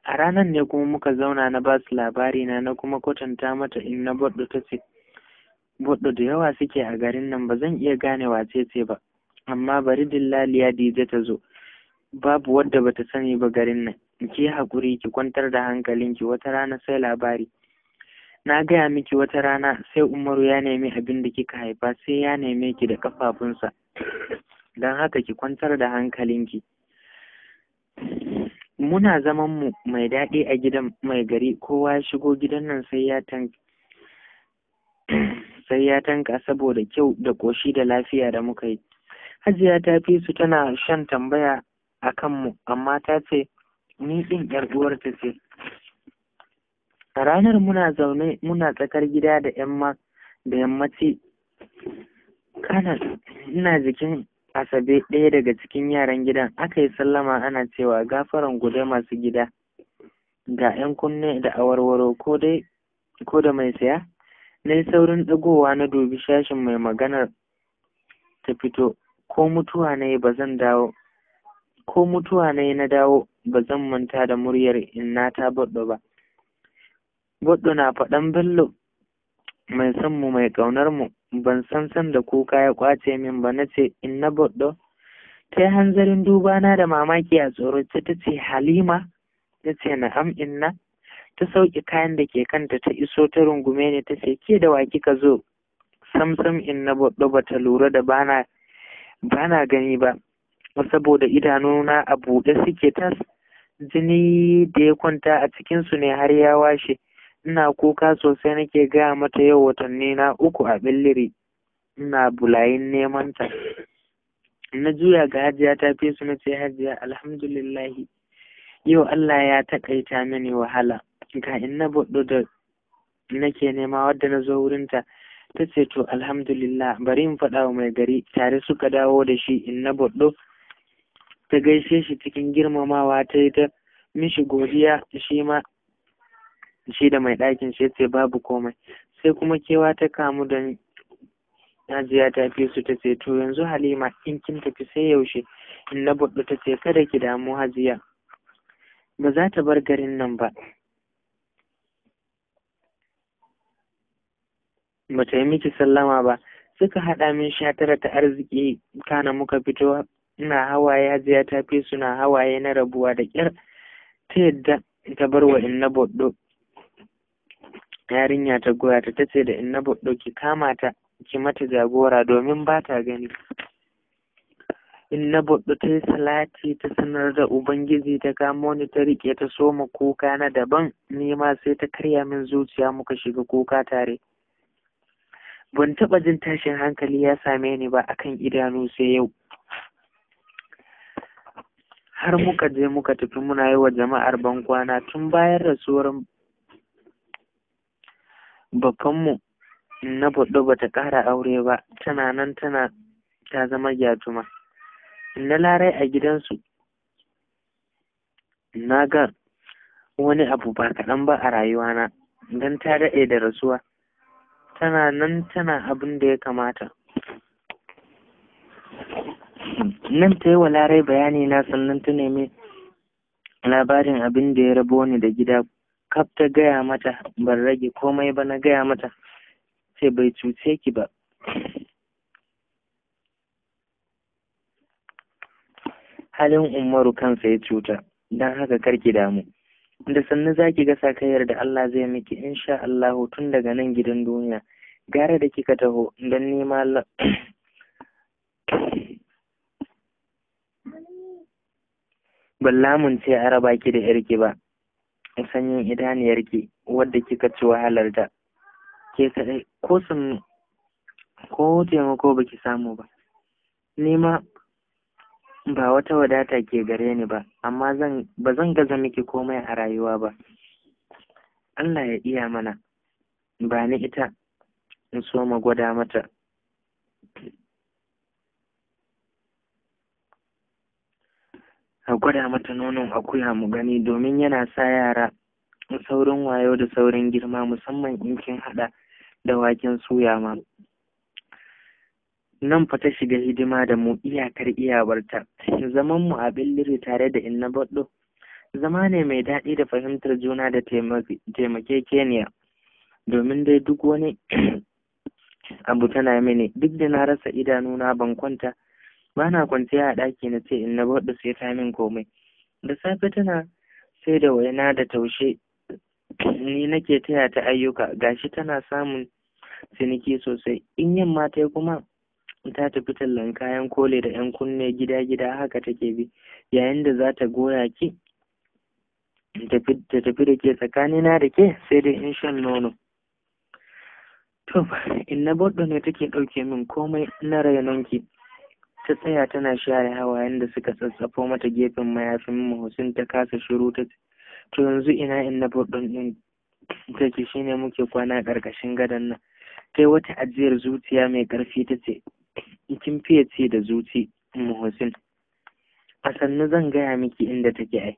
a ranar ne kuma muka zauna na ba su labari na na kuma kwatanta mata in na boddo ta ce da yawa suke a garin nan ba zan iya gane wace ce ba amma bari dillaliya dije ta zo babu wadda bata sani ba garin nan ki haƙuri ki kwantar da hankalinki wata rana sai labari na gaya miki wata rana sai umaru ya nemi abin da kika haifa sai ya neme ki da ƙafafunsa don haka ki kwantar da hankalinki muna zaman mu mai daɗi a gidan mai gari kowa ya shigo gidan nan sai ya tanka saboda kyau da ƙoshi da lafiya da muka yi hajiya ta fi su tana shan tambaya a kanmu amma ta ce ni ɗin 'yar uwarta ce A ranar muna zaune muna tsakar gida da yamma da yammaci kana ina jikin asabe ɗaya daga cikin yaran gidan aka yi sallama ana cewa gafaran guda masu gida ga 'yan kunne da awarwaro ko dai ko da mai saya na yi saurin ɗagowa na dubi shashin mai maganar ta fito ko mutuwa na yi ba dawo ko mutuwa na yi na dawo ba zan manta da muryar in na ta baɗo ba Goɗɗo na faɗan Bello mai son mu mai ƙaunar mu ban san san da kuka ya ƙwace min ba na ce in na Goɗɗo ta hanzarin duba na da mamaki a tsoro ta ce Halima ta ce na am inna ta sauƙi kayan da ke kanta ta iso ta rungume ne ta ce ke da wa kika zo samsam in na goɗɗo ba ta lura da bana bana gani ba saboda idanuna a buɗe suke tas jini da ya kwanta a cikinsu ne har ya washe ina kuka sosai nake gaya mata yau watanni na uku a billiri ina bulayin neman ta na juya ga hajiya ta fi su nace hajiya alhamdulillahi yau Allah ya takaita mini wahala ga inna buɗu da nake nema wadda na zo wurinta ta ce to alhamdulillah bari in faɗa wa mai gari tare suka dawo da shi in na buɗu ta gaishe shi cikin girmamawa ta yi ta mishi godiya shi ma shi da mai ɗakin shi ce babu komai sai kuma kewa ta kamu da Najiya ta fi su ta ce to yanzu Halima in kin tafi sai yaushe in na buɗu ta ce kada ki damu Hajiya ba za ta bar garin nan ba ba ta yi miki sallama ba suka haɗa min sha tara ta arziki kana muka fito ina hawaye Hajiya ta fi suna hawaye na rabuwa da kyar. ta yadda ta bar wa in na buɗu yarinya ta goya ta tace da inna buɗo ki kama ta ki mata jagora domin ba ta gani In inna buɗo ta yi salati ta sanar da ubangiji ta kamo ni ta riƙe ta soma kuka na daban ni sai ta karya min zuciya muka shiga kuka tare ban taɓa jin tashin hankali ya same ni ba akan idanu sai yau har muka je muka tafi muna yi wa jama'ar bankwana tun bayan rasuwar Bakanmu na Baɗo ba ta ƙara aure ba, tana nan tana ta zama gyatuma. Na Larai a gidansu, na ga wani abu ba kaɗan ba a rayuwana, don ta daɗe da rasuwa. Tana nan tana abin da ya kamata. Nan ta yi wa Larai bayani na sannan ta nemi labarin abin da ya rabo ni da gida kaf ta gaya mata ban rage komai ba na gaya mata sai bai cuce ki ba halin umaru kansa ya cuta don haka karki damu da sannu za ki ga sakayyar da Allah zai miki insha Allah tun daga nan gidan duniya gara da kika taho don nema ban ce a raba ki da yarki ba sanyin idaniyarki wadda kika ci wahalar da ke kaɗai ko sun ko taimako baki samu ba nima ba wata wadata ke gare ni ba amma zan ba zan gaza miki komai a rayuwa ba Allah ya iya mana ba ni ita in so mu gwada mata Ka gwada mata nonon akuya mu gani domin yana sa yara saurin wayo da saurin girma musamman in kin haɗa da waken suya ma nan fa ta shiga hidima da mu iyakar iyawarta zaman mu a billiri tare da inna baɗo zama ne mai daɗi da fahimtar juna da taimake taimakekeniya domin dai duk wani abu tana mini duk da na rasa idanuna ban kwanta ba na kwanciya a ɗaki na ce in na baɗu sai ta min komai da safe tana sai da waina da taushe ni nake taya ta ayyuka gashi tana samun ciniki sosai in yamma ta kuma ta tafi tallan kayan kole da yan kunne gida gida haka take bi yayin da za ta goya ki ta tafi da ke na da ke sai dai in shan nono to in na ne take dauke min komai na rainonki ta tsaya tana share hawayen da suka sassafo mata gefen mayafin mahusin ta kasa shiru ta to yanzu ina in na burɗin ɗin take shine muke kwana ƙarƙashin gadon nan kai wata ajiyar zuciya mai ƙarfi ta ce kin fiye ce da zuci mahusin a sannu zan gaya miki inda take ai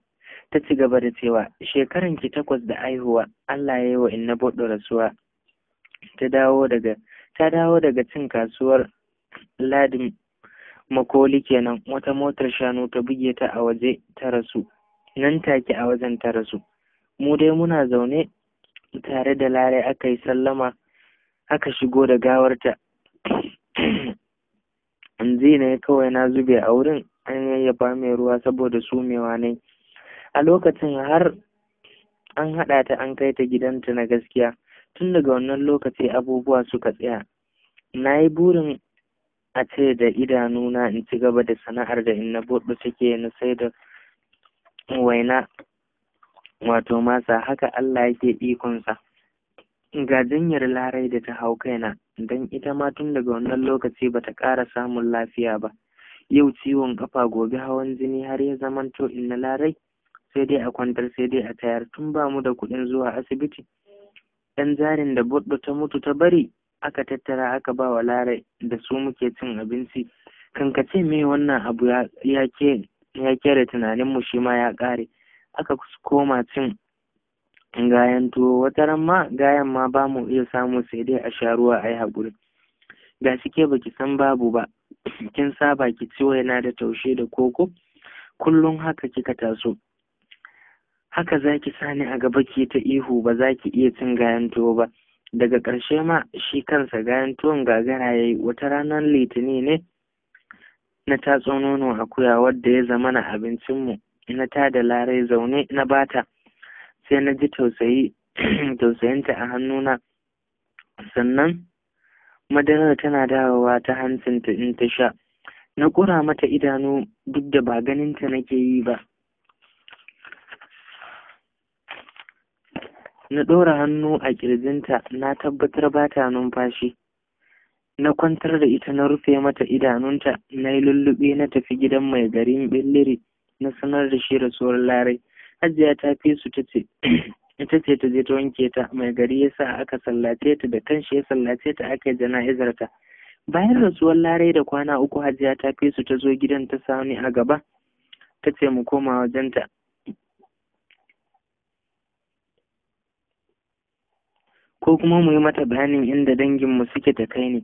ta ci gaba da cewa shekaran ki takwas da aihuwa Allah ya yi wa inna buɗe rasuwa ta dawo daga ta dawo daga cin kasuwar ladin makoli kenan wata motar shanu ta buge ta a waje ta rasu nan take a wajen ta rasu mu dai muna zaune tare da lare aka yi sallama aka shigo da gawarta anzi ne kawai na zube a wurin an yayyafa mai ruwa saboda sumewa ne a lokacin har an haɗa ta an kai ta gidanta na gaskiya tun daga wannan lokaci abubuwa suka tsaya na yi burin a ce da idanuna in ci gaba da sana'ar da inna buɗu take na sai da waina wato masa haka Allah yake ikonsa ga jinyar larai da ta hau kaina don ita ma tun daga wannan lokaci bata ƙara samun lafiya ba yau ciwon kafa gobe hawan jini har ya zamanto inna larai sai dai a kwantar sai dai a tayar tun ba mu da kuɗin zuwa asibiti ɗan jarin da buɗu ta mutu ta bari aka tattara aka ba wa lare da su muke cin abinci Kan ka ce me wannan abu ya ke da tunanin tunaninmu shi ma ya kare aka koma cin gayan tuwo wata ran ma gayan ma ba mu iya samu sai dai a sha ruwa a yi haƙuri ga shi ke baki san babu ba kin saba ki ciwo yana da taushe da koko kullum haka kika taso haka za ki sani a gaba ki ta ihu ba za ki iya cin gayan tuwo ba daga ƙarshe ma shi kansa gayan tuwon gagara ya yi wata ranar litini ne na tatso nono akuya wadda ya zama na abincinmu na ta da larai zaune na bata sai na ji tausayinta a hannuna sannan madarar tana dawowa ta hancinta in ta sha na kura mata idanu duk da ba ganinta nake yi ba na ɗora hannu a ƙirjinta na tabbatar ba ta numfashi na kwantar da ita na rufe mata idanunta na yi lullube na tafi gidan mai garin billiri na sanar da shi rasuwar larai hajiya ta fi su ta ce ita ce ta je ta wanke ta mai gari ya sa aka sallace ta da kanshi ya sallace ta aka yi jana'izar ta bayan rasuwar larai da kwana uku hajiya ta fi su ta zo gidan ta sani a gaba ta ce mu koma wajenta ko kuma mu yi mata bayanin inda danginmu suke ta kai ne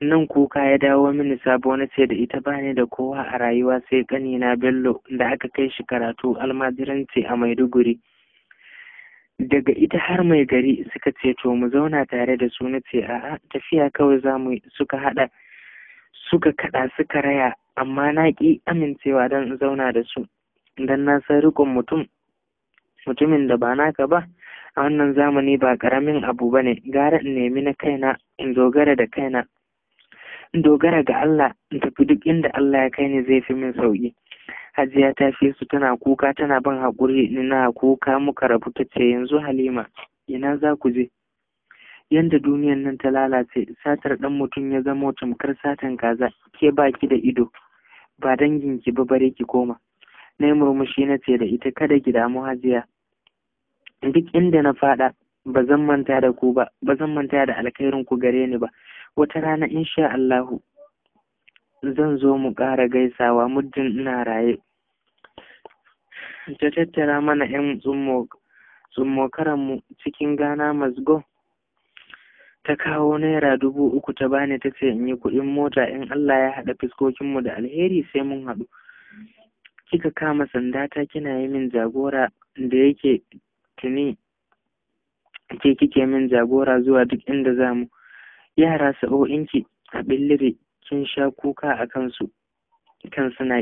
nan kuka ya dawo mini sabo na ce da ita ba ni da kowa a rayuwa sai ƙanina bello da aka kai shi karatu almajiranci a maiduguri daga ita har mai gari suka ce to mu zauna tare da su na ce a'a tafiya kawai za mu suka haɗa suka kaɗa suka raya amma na ki amincewa don zauna da su don na san riƙon mutum mutumin da ba naka ba a wannan zamani ba ƙaramin abu ba ne gara in nemi na kaina in dogara da kaina in dogara ga Allah in tafi duk inda Allah ya kai ni zai fi min sauki. Hajiya ta fi su tana kuka tana ban haƙuri na kuka muka rabu ta ce yanzu Halima ina za ku je yanda duniyar nan ta lalace satar dan mutum ya zama tamkar satan kaza ke baki da ido ba dangin ki ba bare ki koma na yi murmushi na ce da ita kada ki damu hajiya duk inda na faɗa ba zan manta da ku ba ba zan manta da alkhairin ku gare ni ba wata rana insha Allahu zan zo mu ƙara gaisawa muddin ina raye ta tattara mana 'yan mu cikin gana mazgo? Ta kawo naira dubu uku ta bani ta ce in yi kuɗin mota in Allah ya haɗa mu da alheri sai mun haɗu. Kika kama sanda ta kina yi min jagora da yake tuni ke kike min jagora zuwa duk inda za mu yara sa'o'inki a ɓillire kin sha kuka a kansu kan suna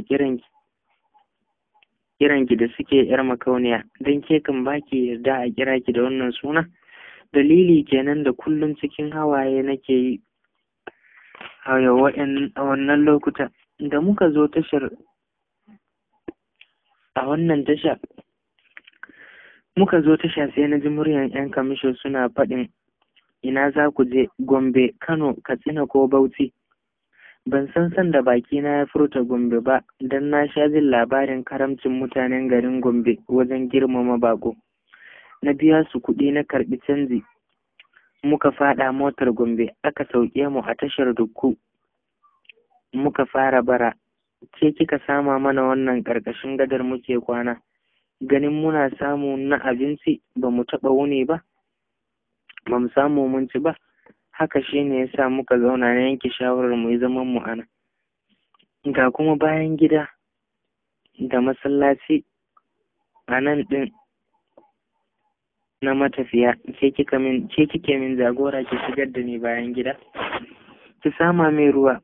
kiranki da suke yar makauniya don ke kan baki yarda a kira ki da wannan suna dalili kenan da kullum cikin hawaye nake yi a wannan lokuta da muka zo tashar a wannan tasha muka zo tasha sai na ji muryan yan kamisho suna faɗin ina za ku je gombe kano katsina ko bauchi ban san san da bakina ya furta gombe ba don na sha jin labarin karamcin mutanen garin gombe wajen girmama bako na biya su kuɗi na karɓi canji muka faɗa motar gombe aka sauke mu a tashar dukku muka fara bara ce kika sama mana wannan ƙarƙashin gadar muke kwana ganin muna samu na abinci ba mu taɓa wuni ba ba mu samu mun ci ba haka shi ne ya sa muka zauna na yanke shawarar mu yi zaman mu ana ga kuma bayan gida da masallaci a nan ɗin na matafiya ke kike min jagora ke shigar da ni bayan gida ki sama min ruwa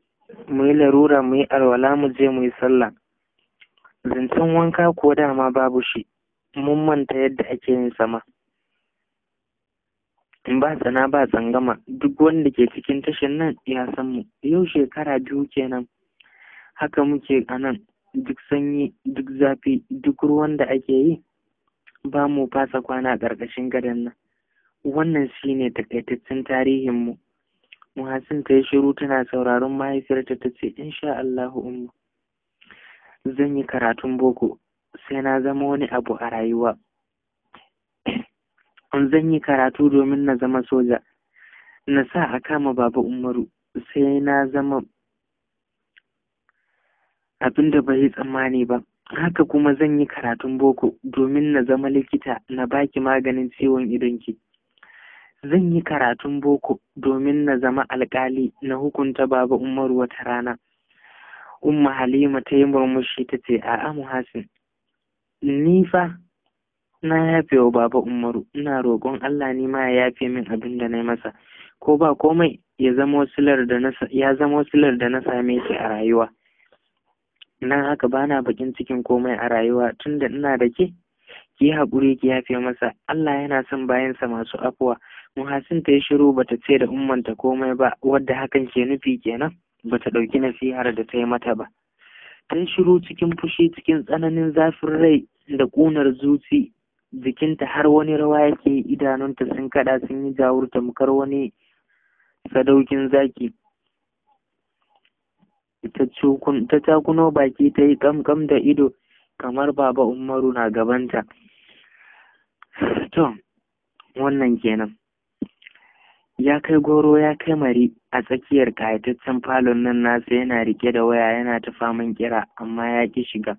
mu yi larura mu yi alwala mu je mu yi sallah zancen wanka ko dama babu shi mun manta yadda ake yin sama ba tsana ba tsangama duk wanda ke cikin tashin nan ya san mu yau shekara biyu kenan haka muke a nan duk sanyi duk zafi duk ruwan da ake yi ba mu fasa kwana ƙarƙashin gadon nan wannan shine takaitaccen tarihin mu muhassin ta yi shiru tana sauraron mahaifiyarta ta ce insha Allahu umma zan yi karatun boko sai na zama wani abu a rayuwa zan yi karatu domin na zama soja na sa a kama baba umaru sai na zama abin da bai tsammani ba haka kuma zan yi karatun boko domin na zama likita na baki maganin ciwon idonki zan yi karatun boko domin na zama alkali na hukunta baba umaru wata rana umma halima ta yi murmushi ta ce a'a muhasin ni fa na yafe wa baba umaru ina roƙon allah ni ma ya yafe min abin da na yi masa ko ba komai ya zama silar da na same shi a rayuwa nan haka bana bakin cikin komai a rayuwa tunda ina da ke ki haƙuri ki yafe masa Allah yana son bayansa masu afuwa muhasin ta yi shiru bata ce da ummanta komai ba wadda hakan ke nufi kenan ba ta ɗauki nasihar da ta yi mata ba ta shiru cikin fushi cikin tsananin zafin rai da ƙunar zuci jikinta har wani rawa yake idanunta sun kaɗa sun yi jawur tamkar wani sadaukin zaki ta cakuno baki ta yi ƙamƙam da ido kamar baba umaru na gabanta to wannan kenan ya kai goro ya kai mari a tsakiyar kayataccen falon nan nasa yana rike da waya yana ta faman kira amma ya ki shiga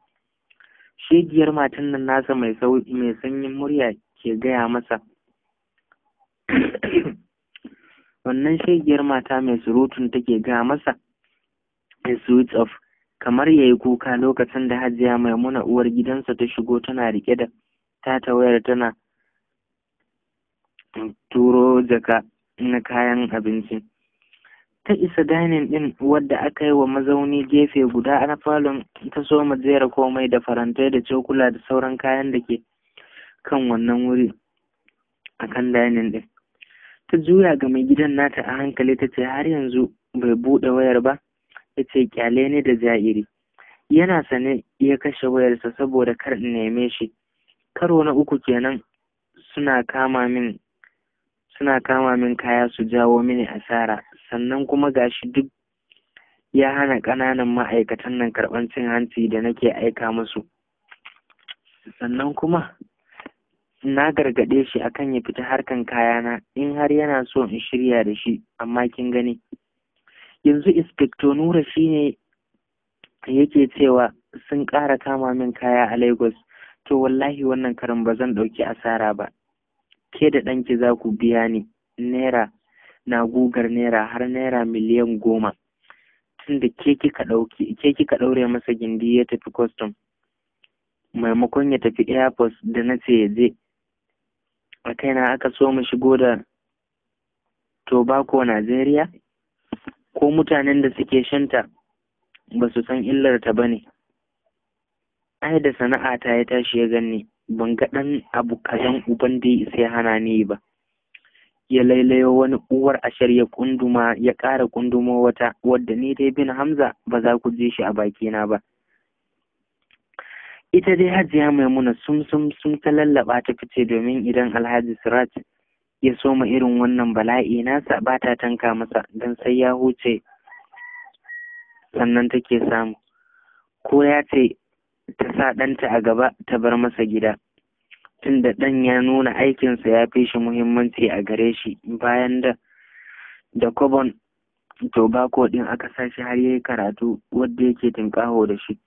shegiyar matan nan nasa mai mai sanyin murya ke gaya masa wannan shegiyar mata mai surutun take gaya masa a switch of kamar ya yi kuka lokacin da hajiya maimuna uwar gidansa ta shigo tana rike da tata wayar tana turo jaka na kayan abinci ta isa dainin din wadda aka yi wa mazauni gefe guda na falon ta soma jera komai da farantai da cokula da sauran kayan da ke kan wannan wuri a kan dining din ta juya ga mai gidan nata a hankali ta ce har yanzu bai buɗe wayar ba ya ce kyale ne da ja'iri yana sane ya kashe wayarsa saboda kar in neme shi karo na uku kenan suna kama min suna kama min kaya su jawo mini asara sannan kuma gashi duk ya hana ƙananan ma'aikatan nan karɓar cin hanci da nake aika musu sannan kuma na gargaɗe shi akan ya fita harkan kayana in har yana so in shirya da shi amma kin gani yanzu inspector nura shine yake cewa sun ƙara kama min kaya a lagos to wallahi wannan karin ba zan ɗauki asara ba ke da ɗanki za ku biya ni naira na gugar naira har naira miliyan goma tunda ke kika ke kika ɗaure masa gindi ya tafi kwastam maimakon ya tafi airport da na ce ya je a kaina aka so mu shigo da tobacco Nigeria? ko mutanen da suke shanta ba su san illarta ba ne ai da sana'a ta ya tashi ya ganni ban ga ɗan abu kazan uban da ya hana ni ba ya lailayo wani uwar ashar ya kunduma ya ƙara kunduma wata wadda ni dai bin hamza ba za ku je shi a bakina ba ita dai hajiya maimuna sum sum sum ta lallaba ta fice domin idan alhaji sirat ya soma irin wannan bala'i nasa ba ta tanka masa don sai ya huce sannan take samu ko ya ce ta sa ɗanta a gaba ta bar masa gida tunda ɗan ya nuna aikinsa ya fi shi muhimmanci a gare shi bayan da da kobon tobako ɗin aka sa shi har yayi karatu wadda yake tunƙaho da shi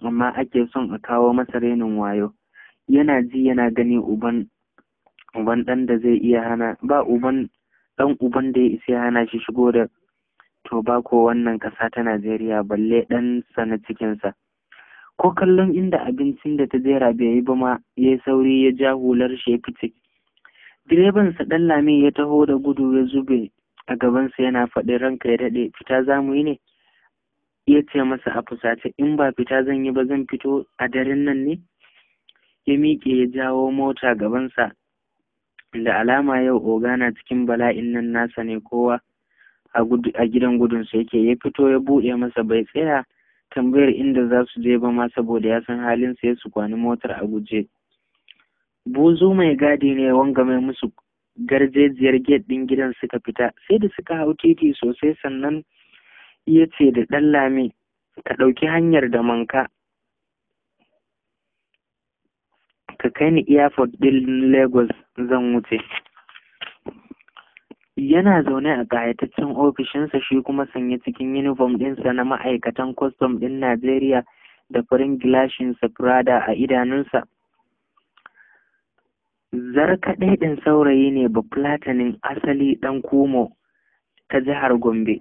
amma ake son a kawo masa renin wayo yana ji yana gani uban uban ɗan da zai iya hana ba uban ɗan uban da ya isa ya hana shi shigo da tobako wannan ƙasa ta Najeriya balle ɗan sa na cikinsa. ko kallon inda abincin da ta jera bai yi ba ma ya sauri ya ja hular shi ya fice direban sa dan lami ya taho da gudu ya zube a gabansa yana faɗin ranka ya daɗe fita za mu yi ne ya ce masa a fusace in ba fita zan yi ba zan fito a daren nan ne ya miƙe ya jawo mota gabansa da alama yau ogana cikin bala'in nan nasa ne kowa a gidan gudun sa yake ya fito ya buɗe masa bai tsaya tambayar inda za su je ba ma saboda ya san halin sai su kwani motar a guje buzu mai gadi ne wanga mai musu garjejiyar gate ɗin gidan suka fita sai da suka hau titi sosai sannan ya ce da ɗan lami ka ɗauki hanyar da manka ka kai ni airport ɗin lagos zan wuce yana zaune a ƙayataccen ofishinsa shi kuma sanye cikin yunifom ɗinsa na ma'aikatan kwastam ɗin Najeriya da farin gilashinsa Prada a idanunsa. Zarka ɗin saurayi ne ba Fulatanin asali ɗan Kumo ta jihar Gombe.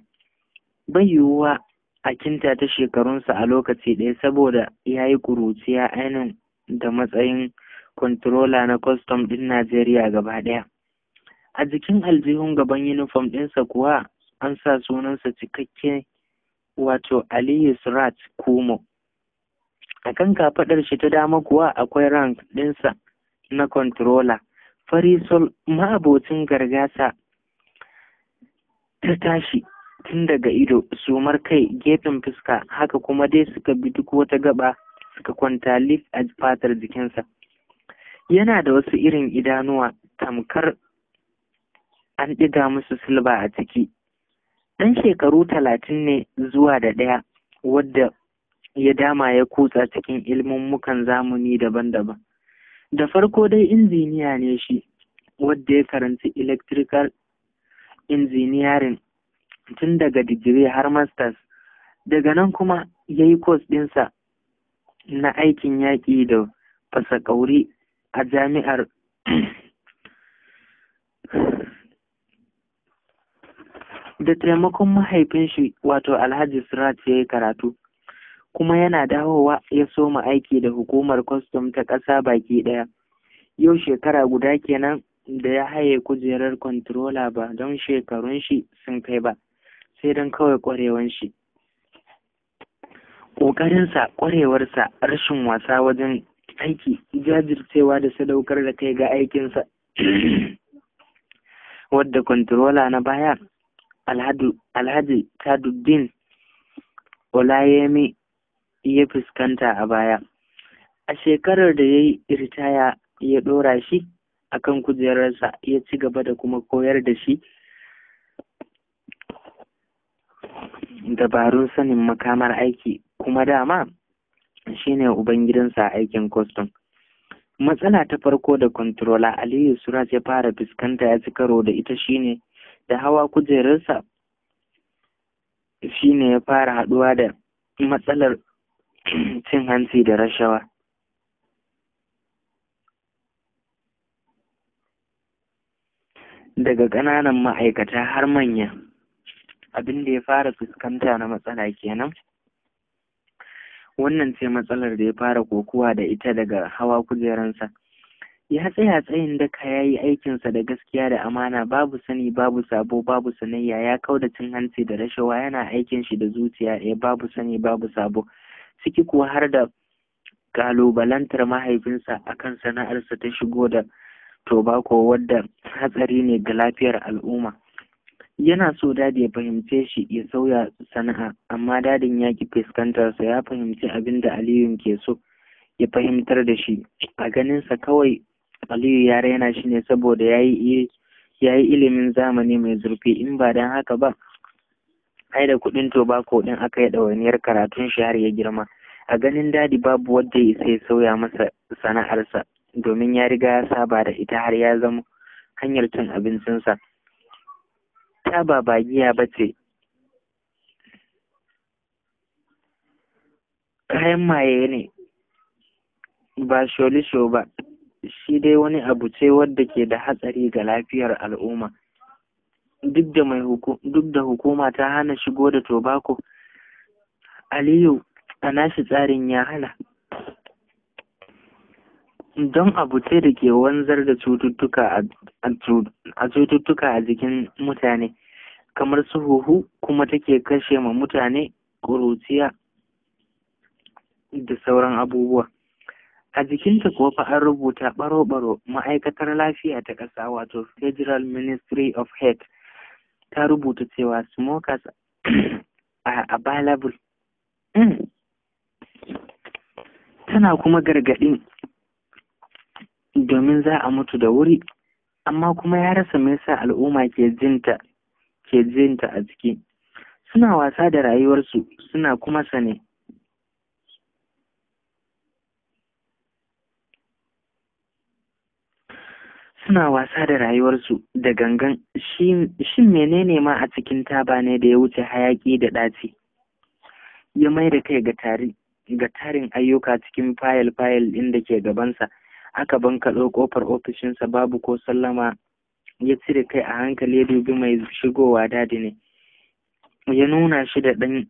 Bai yiwuwa a kinta ta shekarunsa a lokaci ɗaya saboda ya yi ƙuruciya ainihin da matsayin kontrola na kwastam ɗin Najeriya gaba ɗaya. a jikin aljihun gaban yunifom ɗinsa kuwa an sa sunansa cikakke wato aliyu surat kumo a kan kafaɗar shi ta dama kuwa akwai rank ɗinsa na controller farisol ma'abocin gargasa ta tashi tun daga ido sumar kai gefen fuska haka kuma dai suka bi duk wata gaba suka kwanta lif a fatar jikinsa yana da wasu irin idanuwa tamkar an ɗiga musu silba a ciki ɗan shekaru talatin ne zuwa da ɗaya wadda ya dama ya kutsa cikin ilmummukan zamani daban-daban da farko dai injiniya ne shi wadda ya karanci electrical engineering tun daga digiri har masters daga nan kuma ya yi kwas ɗinsa na aikin yaƙi da fasa ƙauri a jami'ar da taimakon mahaifin shi wato alhaji sirat ya yi karatu kuma yana dawowa ya soma aiki da hukumar kwastam ta ƙasa baki ɗaya yau shekara guda kenan da ya haye kujerar kontrola ba don shekarun shi sun kai ba sai don kawai ƙwarewan shi ƙoƙarinsa ƙwarewarsa rashin wasa wajen aiki jajircewa da sadaukar da kai ga aikinsa wadda kontrola na baya alhaji taduddin olayemi ya fuskanta a baya a shekarar da ya yi ritaya ya ɗora shi akan kujerarsa ya ci gaba da kuma koyar da shi dabarun sanin makamar aiki kuma dama shine ubangidansa a aikin kwastam matsala ta farko da controller aliyu suraj ya fara fuskanta ya ci karo da ita shine da hawa kujerarsa shi ne ya fara haɗuwa da matsalar cin hanci da rashawa daga ƙananan ma'aikata har manya abin da ya fara fuskanta na matsala kenan wannan ce matsalar da ya fara kokuwa da ita daga hawa kujerarsa. ya tsaya tsayin daka ya yi aikinsa da gaskiya da amana babu sani babu sabo babu sanayya ya kau da cin hanci da rashawa yana aikin shi da zuciya ɗaya babu sani babu sabo ciki kuwa har da kalubalantar mahaifinsa akan sana'arsa ta shigo da tobako wadda hatsari ne ga lafiyar al'umma yana so dadi ya fahimce shi ya sauya sana'a amma dadin ya ki fuskantarsa ya fahimci abin da aliyun ke so ya fahimtar da shi a ganinsa kawai Aliyu ya raina shi ne saboda ya yi ilimin zamani mai zurfi in ba don haka ba ai da kuɗin tobako ɗin aka yi ɗawainiyar karatun shi har ya girma a ganin dadi babu wadda ya sai sauya masa sana'arsa domin ya riga ya saba da ita har ya zama hanyar cin abincinsa ta ba bagiya ba ce kayan maye ne ba sholi sho ba shi dai wani abu ce wadda ke da hatsari ga lafiyar al'umma duk da mai duk da hukuma ta hana shigo da tobacco aliyu a nashi tsarin ya hana don abu ce da ke wanzar da cututtuka a cututtuka a jikin mutane kamar su huhu kuma take kashe ma mutane ƙuruciya da sauran abubuwa a jikinta kuwa fa an rubuta baro-baro ma'aikatar lafiya ta ƙasa wato federal ministry of health ta rubuta cewa smokers are available tana kuma gargaɗin domin za a mutu da wuri amma kuma ya rasa me yasa al'umma ke jinta ke jinta a jiki suna wasa da rayuwarsu suna kuma sane suna wasa da rayuwarsu da gangan shin menene ma a cikin taba ne da ya wuce hayaki da ɗaci ya mai da kai ga tarin ayyuka cikin fayil-fayil inda ke gabansa aka bankaɗo ƙofar ofishinsa babu ko sallama ya cire kai a hankali ya dubi mai shigowa dadi ne ya nuna shi da ɗan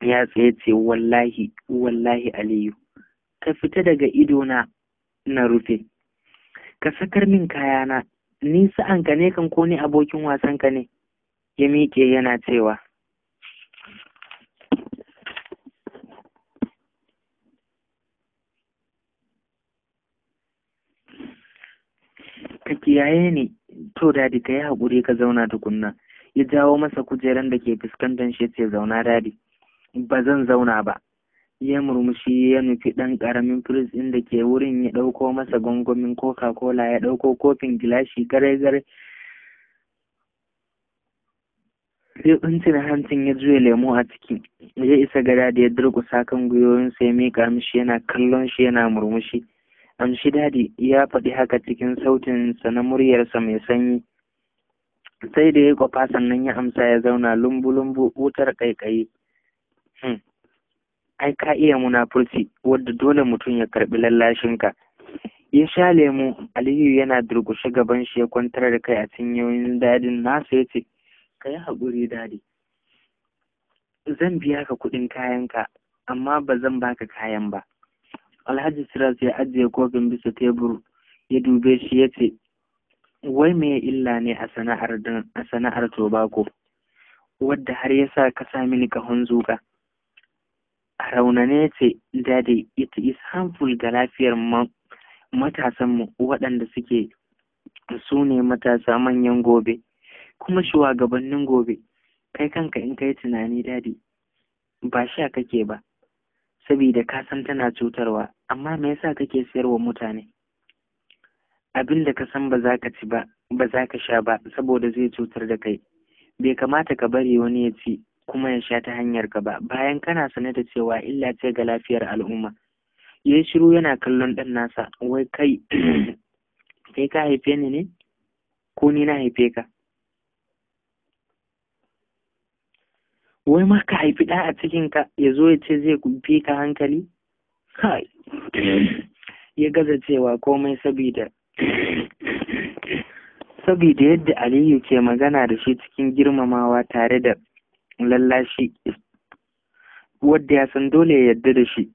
ya tsaye ce wallahi wallahi aliyu ka fita daga idona na rufe ka sakar min kayana ni sa'anka ne kan ko ni abokin wasanka ne ya miƙe yana cewa ka kiyaye ni to dadi ka yi haƙuri ka zauna tukunna ya jawo masa kujeran da ke fuskantar shi ce zauna dadi ba zan zauna ba ya murmushi ya nufi ɗan ƙaramin firis ɗin da ke wurin ya ɗauko masa gwangwamin coca-cola ya ɗauko kofin gilashi gare-gare sai tsintin hancin ya juya lemo a ciki ya isa gada da ya durƙusa kan gwiwoyin ya miƙa mishi yana kallon shi yana murmushi amshi dadi ya faɗi haka cikin sautin sa na muryarsa mai sanyi sai da ya kwafa sannan ya amsa ya zauna lumbu-lumbu wutar ƙaiƙayi hmm. ai ka iya munafurci wadda dole mutum ya karɓi lallashinka ya sha lemu aliyu yana durƙushe gaban shi ya kwantar da kai a cinyoyin dadin nasu ya ce ka yi haƙuri dadi zan biya ka kuɗin kayanka amma ba zan baka kayan ba alhaji siras ya ajiye kofin bisa tebur ya dube shi ya ce wai me illa ne a sana'ar a sana'ar tobako wadda har ya sa ka sa mini kahon zuka raunane ce daɗi it is harmful ga lafiyar matasanmu waɗanda suke su ne matasa manyan gobe kuma shugabannin gobe kai kanka in kai tunani dadi ba sha kake ba saboda ka san tana cutarwa amma me yasa kake sayarwa mutane abin da ka san ba za ka ci ba ba za ka sha ba saboda zai cutar da kai bai kamata ka bari wani ya ci kuma ya sha ta hanyar gaba bayan kana sane da cewa illa ce ga lafiyar al'umma ya shiru yana kallon ɗan nasa wai kai kai ka haife ni ne ko ni na haife ka wai ma ka haifi ɗa a cikinka ya zo ya ce zai bi ka hankali kai ya gaza cewa komai sabida saboda yadda aliyu ke magana da shi cikin girmamawa tare da lallashi wadda ya san dole ya yarda da shi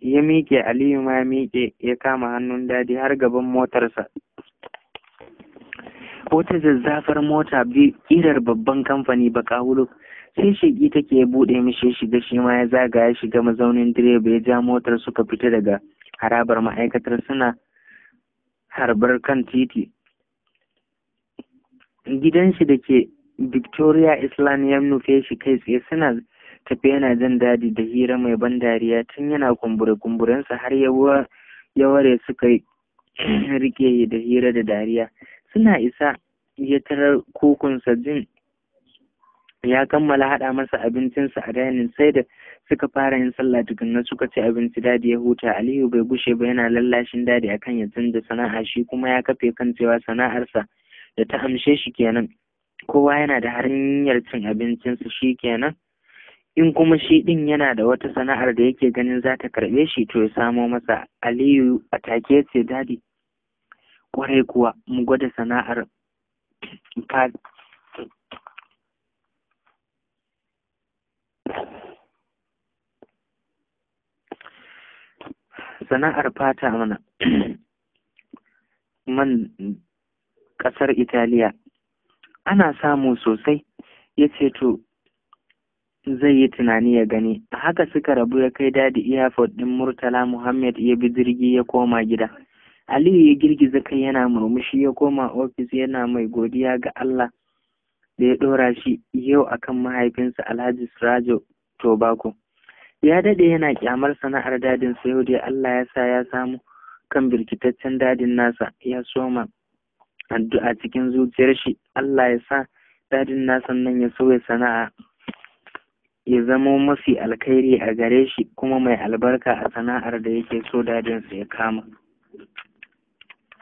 ya miƙe aliyu ma ya miƙe ya kama hannun dadi har gaban motarsa wata zazzafar mota bi irar babban kamfani baka hulu sai shigi take ya buɗe mishi shiga shi ma ya zaga ya shiga mazaunin direba ya ja motar suka fita daga harabar ma'aikatar suna harbar kan titi gidan shi da ke Victoria Island ya nufe shi kai tsaye suna tafi yana jin dadi da hira mai ban dariya tun yana kumbure-kumburensa har ya ware suka rike da hira da dariya suna isa ya tarar kukunsa jin ya kammala haɗa masa abincinsa a dainin sai da suka fara yin sallah na suka ci abinci dadi ya huta aliyu bai gushe ba yana lallashin dadi akan ya canza sana'a shi kuma ya kafe kan cewa sana'arsa da ta amshe shi kenan kowa yana da hanyar cin abincinsu shi kenan in kuma shi ɗin yana da wata sana'ar da yake ganin za ta karɓe shi to ya samo masa aliyu a take ce dadi kwarai kuwa mu gwada sana'ar sana'ar fata mana man ƙasar italiya ana samu sosai ya ce to zai yi tunani ya gani a haka suka rabu ya kai dadi airport din murtala muhammad ya bi jirgi ya koma gida aliyu ya girgiza kai yana murmushi ya koma ofis yana mai godiya ga allah da ya ɗora shi yau akan mahaifinsa alhaji sirajo tobago ya dade yana kyamar sana'ar dadin sa da allah ya sa ya samu kan birkitaccen dadin nasa ya soma addu'a cikin zuciyar shi Allah ya sa dadin na nan ya sauya sana'a ya zama mafi alkhairi a gare shi kuma mai albarka a sana'ar da yake so dadinsa ya kama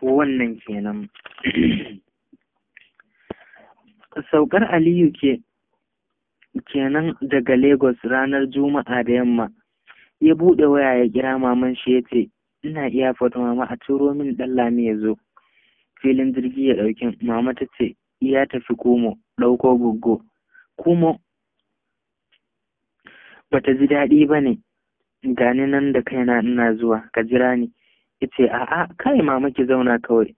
wannan kenan saukar aliyu ke kenan daga lagos ranar juma'a da yamma ya bude waya ya kira maman shi ya ce ina iya fata mama a turo min ɗan lami ya zo filin jirgi ya ɗauki mama ta ce ya tafi komo ɗauko goggo komo bata ji daɗi ba ne gani nan da kaina ina zuwa ka jira ni ce a'a kai mama ki zauna kawai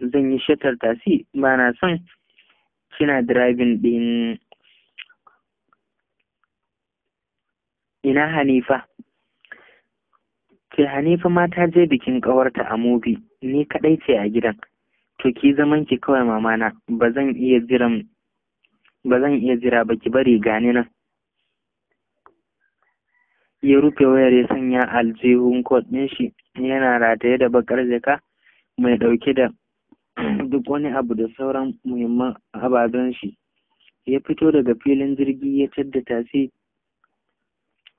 zan yi shatar tasi ba na son kina driving ɗin ina hanifa Ke hanifa ma ta je bikin kawarta a mobi ni kaɗai ce a gidan to ki zaman ki kawai mamana ba iya ba zan iya jira ba ki bari gani na. ya rufe wayar ya sanya aljihun kot ɗin shi yana rataye da bakar jaka mai ɗauke da duk wani abu da sauran muhimman ababen shi ya fito daga filin jirgi ya da tasi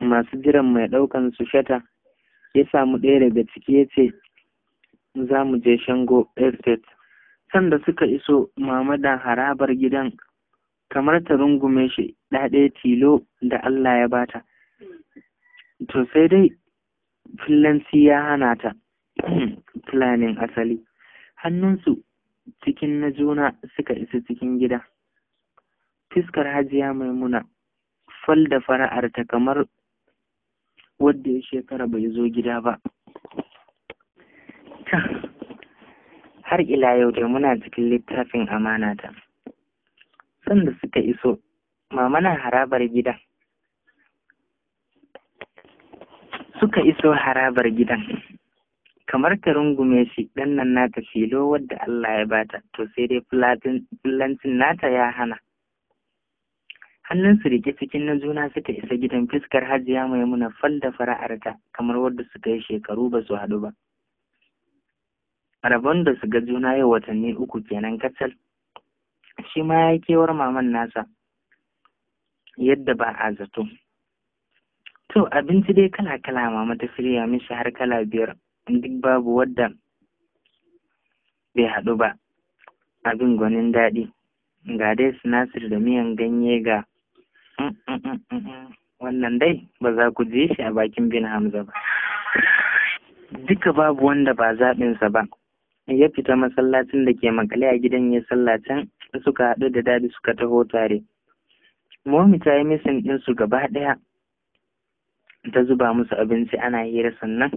masu jiran mai ɗaukan su shata ya samu ɗaya daga ciki ya ce za mu je shango estate Sanda suka iso mamadan harabar gidan kamar ta rungume shi ɗaɗe tilo da Allah ya bata. To sai dai Filanci ya hana ta filanin asali. Hannunsu cikin na juna suka isa cikin gida. Fiskar hajiya maimuna fal da fara'arta kamar wadda ya shekara bai zo gida ba. har ila yau da muna cikin littafin amanata sanda suka iso mama na harabar gidan suka iso harabar gidan kamar ta rungume shi dan nan nata filo wadda Allah ya bata to sai dai fulancin nata ya hana hannunsu rike cikin na juna suka isa gidan fiskar hajiya maimuna fal da fara'arta kamar wadda suka yi shekaru ba su haɗu ba rabon da su ga juna yau watanni uku kenan kacal shi ma ya kewar maman nasa yadda ba a zato to abinci dai kala kala mama ta firiya, mishi har kala biyar duk babu wadda bai haɗu ba abin gwanin daɗi ga dai sinasir da miyan ganye ga mm, mm, mm, wannan dai ba za ku je shi a bakin bin hamza ba duka babu wanda ba zaɓinsa ba ya fita masallacin da ke makale a gidan ya sallacin suka haɗu da dadi suka taho tare momi ta yi misin ɗinsu gaba ɗaya ta zuba musu abinci ana hira sannan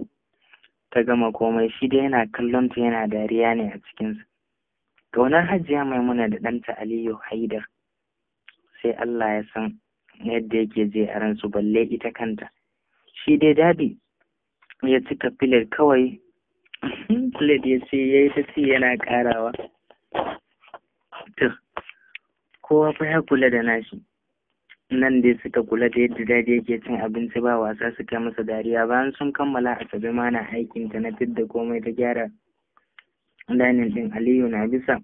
ta gama komai shi dai yana kallon ta yana dariya ne a cikinsa Ƙaunar hajiya maimuna da ɗanta aliyu haidar sai allah ya san yadda yake je a ransu balle ita kanta shi dai dadi ya cika filar kawai Khalid ya ce ya yi ta ci yana karawa kowa fa ya kula da nashi. Nan dai suka kula da yadda daji yake cin abinci ba wasa suka masa dariya bayan sun kammala asabe ma na aikin ta na fidda komai ta gyara danin din Aliyu na bisa.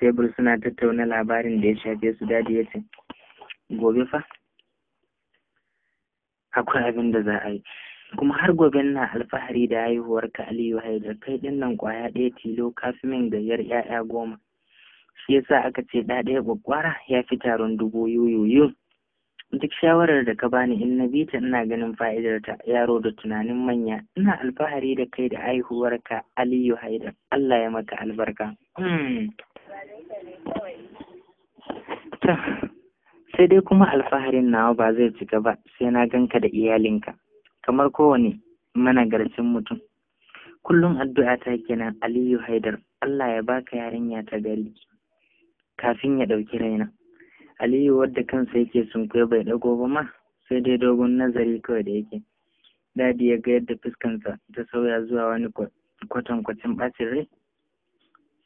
Tebur suna tattauna labarin da ya shafe su daji ya ce, Gobe fa, akwai abin da za a yi. kuma har gobe na alfahari da haihuwar ka aliyu haidar kai din nan kwaya ɗaya tilo kafi min gayyar 'ya'ya goma shi yasa aka ce ɗa ɗaya gwaggwara ya fi taron dubu yoyoyo duk shawarar da ka bani in na bita ina ganin fa'idar ta yaro da tunanin manya ina alfahari da kai da haihuwarka aliyu haidar allah ya maka albarka hmm. sai dai kuma alfaharin nawa ba zai cika ba sai na ganka da iyalinka kamar kowane managarcin mutum kullum addu'a ta kenan aliyu haidar allah ya baka yarinya ta gari kafin ya ɗauki raina aliyu wadda kansa yake sunkuya bai ɗago ba ma sai dai dogon nazari kawai da yake dadi ya ga yadda fuskansa ta sauya zuwa wani kwatankwacin ɓacin rai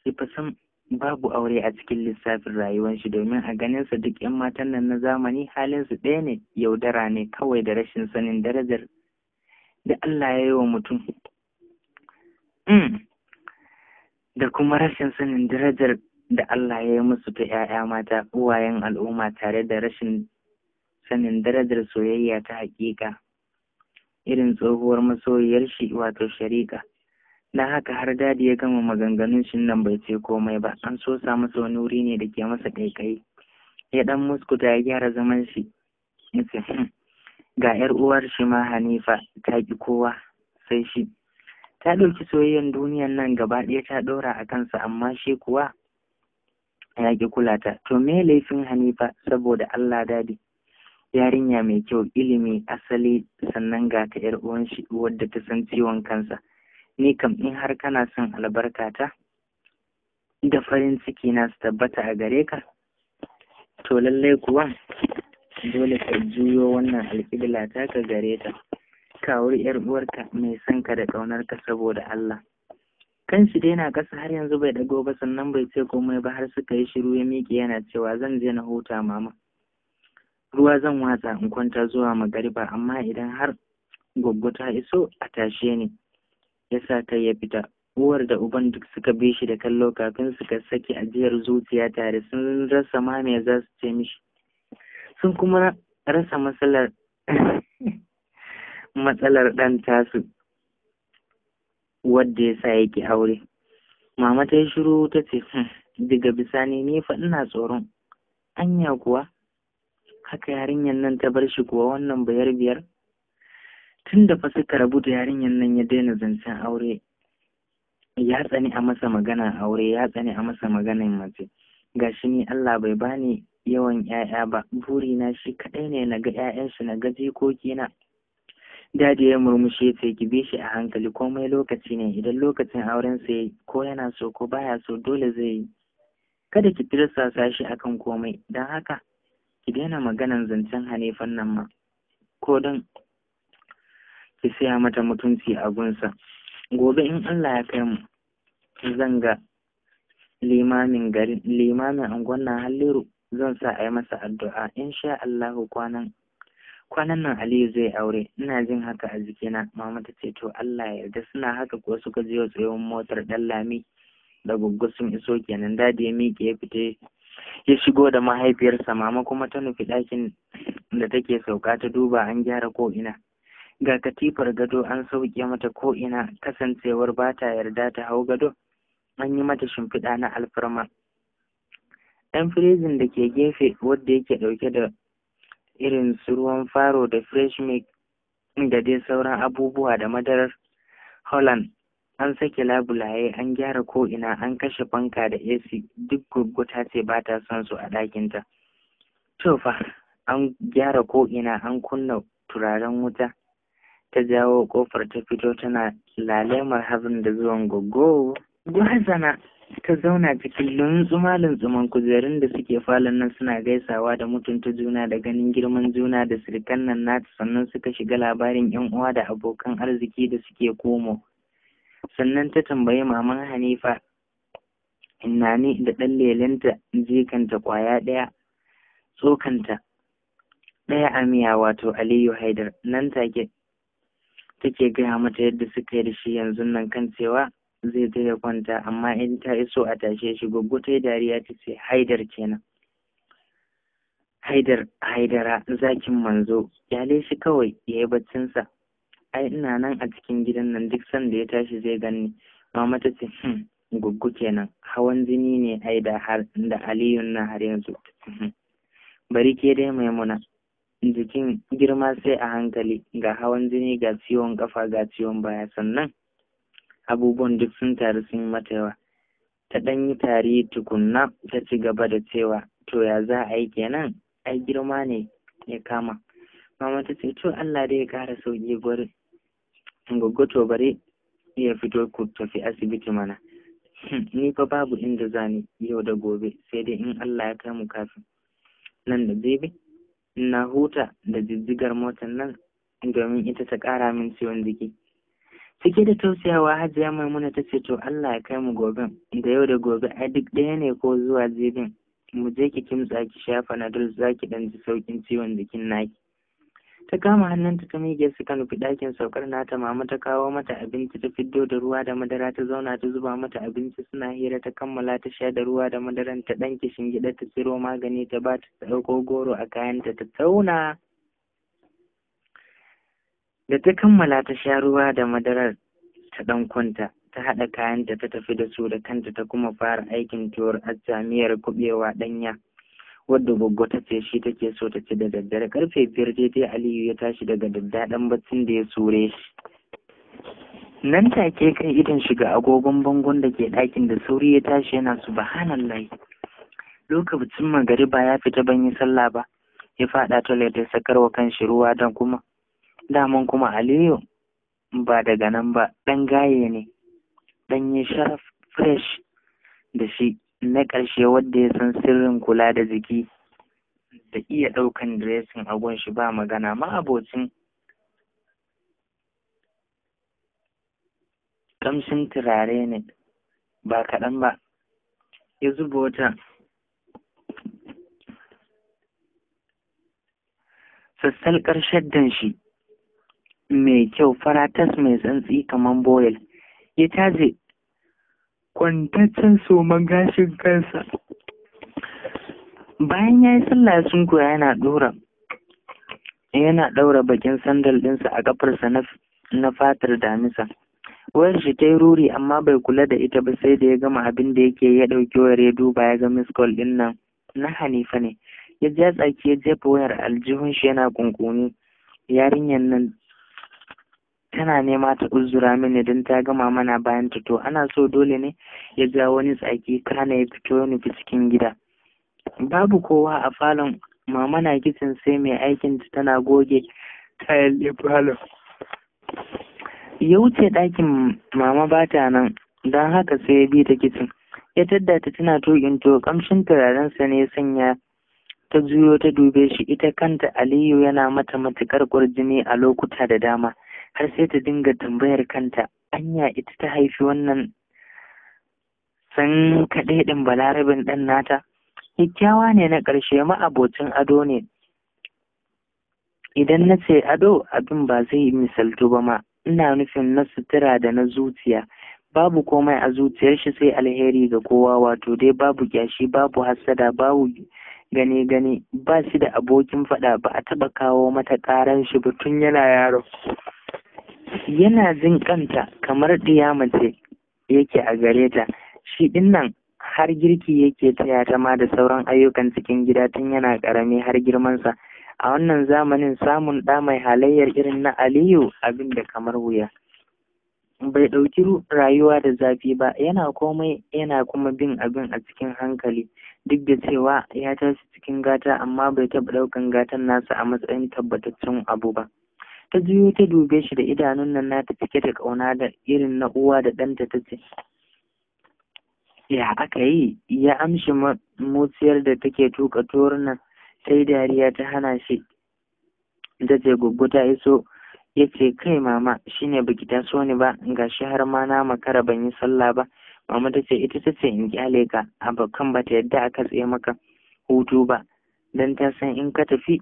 sai fa sam babu aure a cikin lissafin rayuwar shi domin a ganin ganinsa duk 'yan matan nan na zamani halinsu ɗaya ne yaudara ne kawai da rashin sanin darajar da Allah ya yi wa mutum mm. da kuma rashin sanin darajar da Allah ya yi musu ta ‘ya'ya mata uwayen al'umma tare da rashin sanin darajar soyayya ta haƙiƙa irin tsohuwar masoyiyar shi wato shariƙa don haka har dadi ya gama maganganun shi nan bai ce komai ba an so sa masa wani wuri ne da ke masa ƙaiƙayi ya ɗan muskuta ya gyara zaman shi ga ‘yar uwar shi ma Hanifa ta ƙi kowa sai shi. Ta ɗauki soyayyen duniyan nan gaba ɗaya ta ɗora a kansa amma shi kuwa ya ƙi kula ta. To me laifin Hanifa saboda Allah dadi. Yarinya mai kyau ilimi asali sannan ga ta ‘yar uwan shi wadda ta san ciwon kansa. Ni kam in har kana son albarka ta da farin ciki na su tabbata a gare ka. To lallai kuwa dole ka juyo wannan alƙibla ta ka gare ta Kawar yar uwarka mai son ka da ƙaunarka saboda Allah kan shi dai na ƙasa har yanzu bai dago ba sannan bai ce komai ba har suka yi shiru ya miƙe yana cewa zan je na huta mama ruwa zan watsa in kwanta zuwa magariba amma idan har Goggo ta iso a tashe ni ya sa kai ya fita uwar da uban duk suka bi shi da kallo kafin suka saki ajiyar zuciya tare sun rasa ma me za su ce mishi sun kuma rasa matsalar matsalar ɗan tasu wadda ya sa yake aure mama ta yi shiru ta ce hmm, daga bisani ne fa ina tsoron anya kuwa haka yarinyar nan ta bar shi kuwa wannan bayar biyar tun da fa suka rabu da yarinyar nan ya daina zancen aure ya tsani a masa magana aure ya tsani a masa maganin mace gashi ni Allah bai bani yawan ‘ya'ya ba burina shi kaɗai ne na ga ‘ya'yansu na ga jikokina dadi ya murmushe sai ki bi shi a hankali komai lokaci ne idan lokacin auren sa yayi ko yana so ko baya so dole zai yi kada ki tirsasa shi akan komai don haka ki daina maganan zancen hanefan nan ma ko don ki saya mata mutunci a gunsa gobe in Allah ya kai mu zan ga limamin garin limamin angon na halliru zan sa a yi masa addu'a sha Allah kwanan kwanan nan Aliyu zai aure ina jin haka a jikina mama ta ce to Allah ya yarda suna haka ko suka je tsayon motar dan lami da guggu sun iso kenan dadi ya miƙe ya fita ya shigo da mahaifiyarsa mama kuma ta nufi ɗakin da take sauka ta duba an gyara ko ina ga katifar gado an sauke mata ko ina kasancewar ba ta yarda ta hau gado an yi mata shimfiɗa na alfarma ɗan firijin da ke gefe wadda yake ɗauke da irin su ruwan faro da fresh milk da dai sauran abubuwa da madarar holland an sake labulaye an gyara ko'ina an kashe fanka da ac duk gurguta ce ba ta son su a ɗakinta to fa an gyara ko'ina an kunna turaren wuta ta jawo ƙofar ta fito tana lalemar hazin da zuwan goggo. gwazana Ka zauna cikin lunzuma-lunzuman kujerun da suke falon nan suna gaisawa da mutunta juna da ganin girman juna da sirikan nan nata sannan suka shiga labarin yan uwa da abokan arziki da suke komo sannan ta tambayi maman hanifa innani da ɗan lelenta jikanta kwaya ɗaya tsokanta ɗaya amiya wato aliyu haidar nan take take gaya mata yadda suka yi da shi yanzu nan kan cewa zai ta ya kwanta amma in ta iso a tashe shi gwaggo ta dariya ta ce haidar kenan haidar haidara zakin manzo kyale shi kawai ya yi baccinsa ai ina nan a cikin gidan nan duk sanda ya tashi zai ganni mama ta ce hmm, guggu kenan hawan jini ne ai da har da aliyun na har yanzu hmm, bari ke dai maimuna jikin girma sai a hankali ga hawan jini ga ciwon kafa ga ciwon baya sannan abubuwan duk sun taru sun yi mata yawa ta ɗan yi tari tukunna ta ci gaba da cewa to ya za a yi kenan ai girma ne ya kama mama ta ce to Allah dai ya ƙara sauƙi gwari goggo to bari ya fito ku tafi asibiti mana hmm, ni fa babu inda za ni yau da gobe sai dai in Allah ya kai mu kafin nan da jibi na huta da jijjigar motar nan domin ita ta ƙara min ciwon jiki cike da tausayawa hajiya maimuna ta ce to allah ya kai mu gobe. da yau da gobe a duk ɗaya ne ko zuwa jibin mu je ki kimtsa ki shafa sha fanadol za ki ɗan ji sauƙin ciwon jikin naki ta kama hannunta ta miƙe suka nufi ɗakin saukar nata mama ta kawo mata abinci ta fiddo da ruwa da madara ta zauna ta zuba mata abinci suna hira ta kammala ta sha da ruwa da madaran ta ɗan kishin gida ta siro magani ta ba ta ɗauko goro a kayanta ta tauna da ta kammala ta sha ruwa da madarar ta ɗan kwanta ta haɗa kayanta ta tafi da su da kanta ta kuma fara aikin tuwar ajamiyar kuɓewa ɗanya wadda goggo ta ce shi take so ta ci da daddare karfe biyar daidai aliyu ya tashi daga daddaɗan baccin da ya sure shi nan take kai idan shiga agogon bangon da ke ɗakin da sauri ya tashi yana subhanallah lokacin magariba ya fita ban yi sallah ba ya faɗa toilet ya sakarwa kan shi ruwa don kuma daman kuma aliyu ba daga nan ba ɗan gaye ne yi sharaf fresh da shi na ƙarshe wadda ya san sirrin kula da jiki da iya ɗaukan diresin agon shi ba magana ma abocin ƙamshin turare ne ba kaɗan ba ya zuba wata sassal ƙarshen shi mai kyau faratas mai tsantsi kamar boyel ya caje kwantaccen soman gashin kansa bayan ya yi sallah sun kuwa yana dora yana ɗaura bakin sandal ɗinsa a kafarsa na fatar damisa wayar shi ta yi ruri amma bai kula da ita ba sai da ya gama abin da yake ya dauki wayar ya duba ya ga miss call nan na hanifa ne ya ja tsaki ya jefa wayar aljihun shi yana kunkuni yarinyar nan tana nema ta uzura mini don ta gama mana bayan ta ana so dole ne ya ja wani tsaki kana ya fito ya nufi cikin gida babu kowa a falon mama na kicin sai mai aikin ta tana goge kayan falon ya wuce ɗakin mama ba ta nan don haka sai ya bi ta kicin ya tadda ta tana tukinto, to kamshin turarensa ne ya sanya ta juyo ta dube shi ita kanta aliyu yana mata matukar kurjini a lokuta da dama har sai ta dinga tambayar kanta anya ita ta haifi wannan san kaɗai ɗin balarabin ɗan nata kyakkyawa ne na ƙarshe ma'abocin ado ne idan na ce ado abin ba zai misaltu ba ma ina nufin na sutura da na zuciya babu komai a zuciyar shi sai alheri ga kowa wato dai babu kyashi babu hassada babu gane gane ba shi da abokin faɗa ba a taɓa kawo mata ƙaran shi ba tun yana yaro yana jin kanta kamar ɗiya mace yake a gare ta shi dinnan har girki yake taya ta ma da sauran ayyukan cikin gida tun yana ƙarami har girmansa a wannan zamanin samun ɗa mai halayyar irin na aliyu abin da kamar wuya bai ɗauki rayuwa da zafi ba yana komai yana kuma bin abin a cikin hankali duk da cewa ya tashi cikin gata amma bai taɓa ɗaukan gatan nasa a matsayin tabbataccen abu ba ta juyo ta dube shi da idanun nan nata cike da ƙauna da irin na uwa da ɗanta ta ce ya aka yi ya amshi mutsiyar da take tuka torunan sai dariya ta hana shi da ce gugu ta iso ya ce kai mama shine baki ta so ni ba ga shi har ma na makara ban yi sallah ba mama ta ce ita ta ce in kyale ka abokan ba ta yadda aka tsaye maka hutu ba dan ta san in ka tafi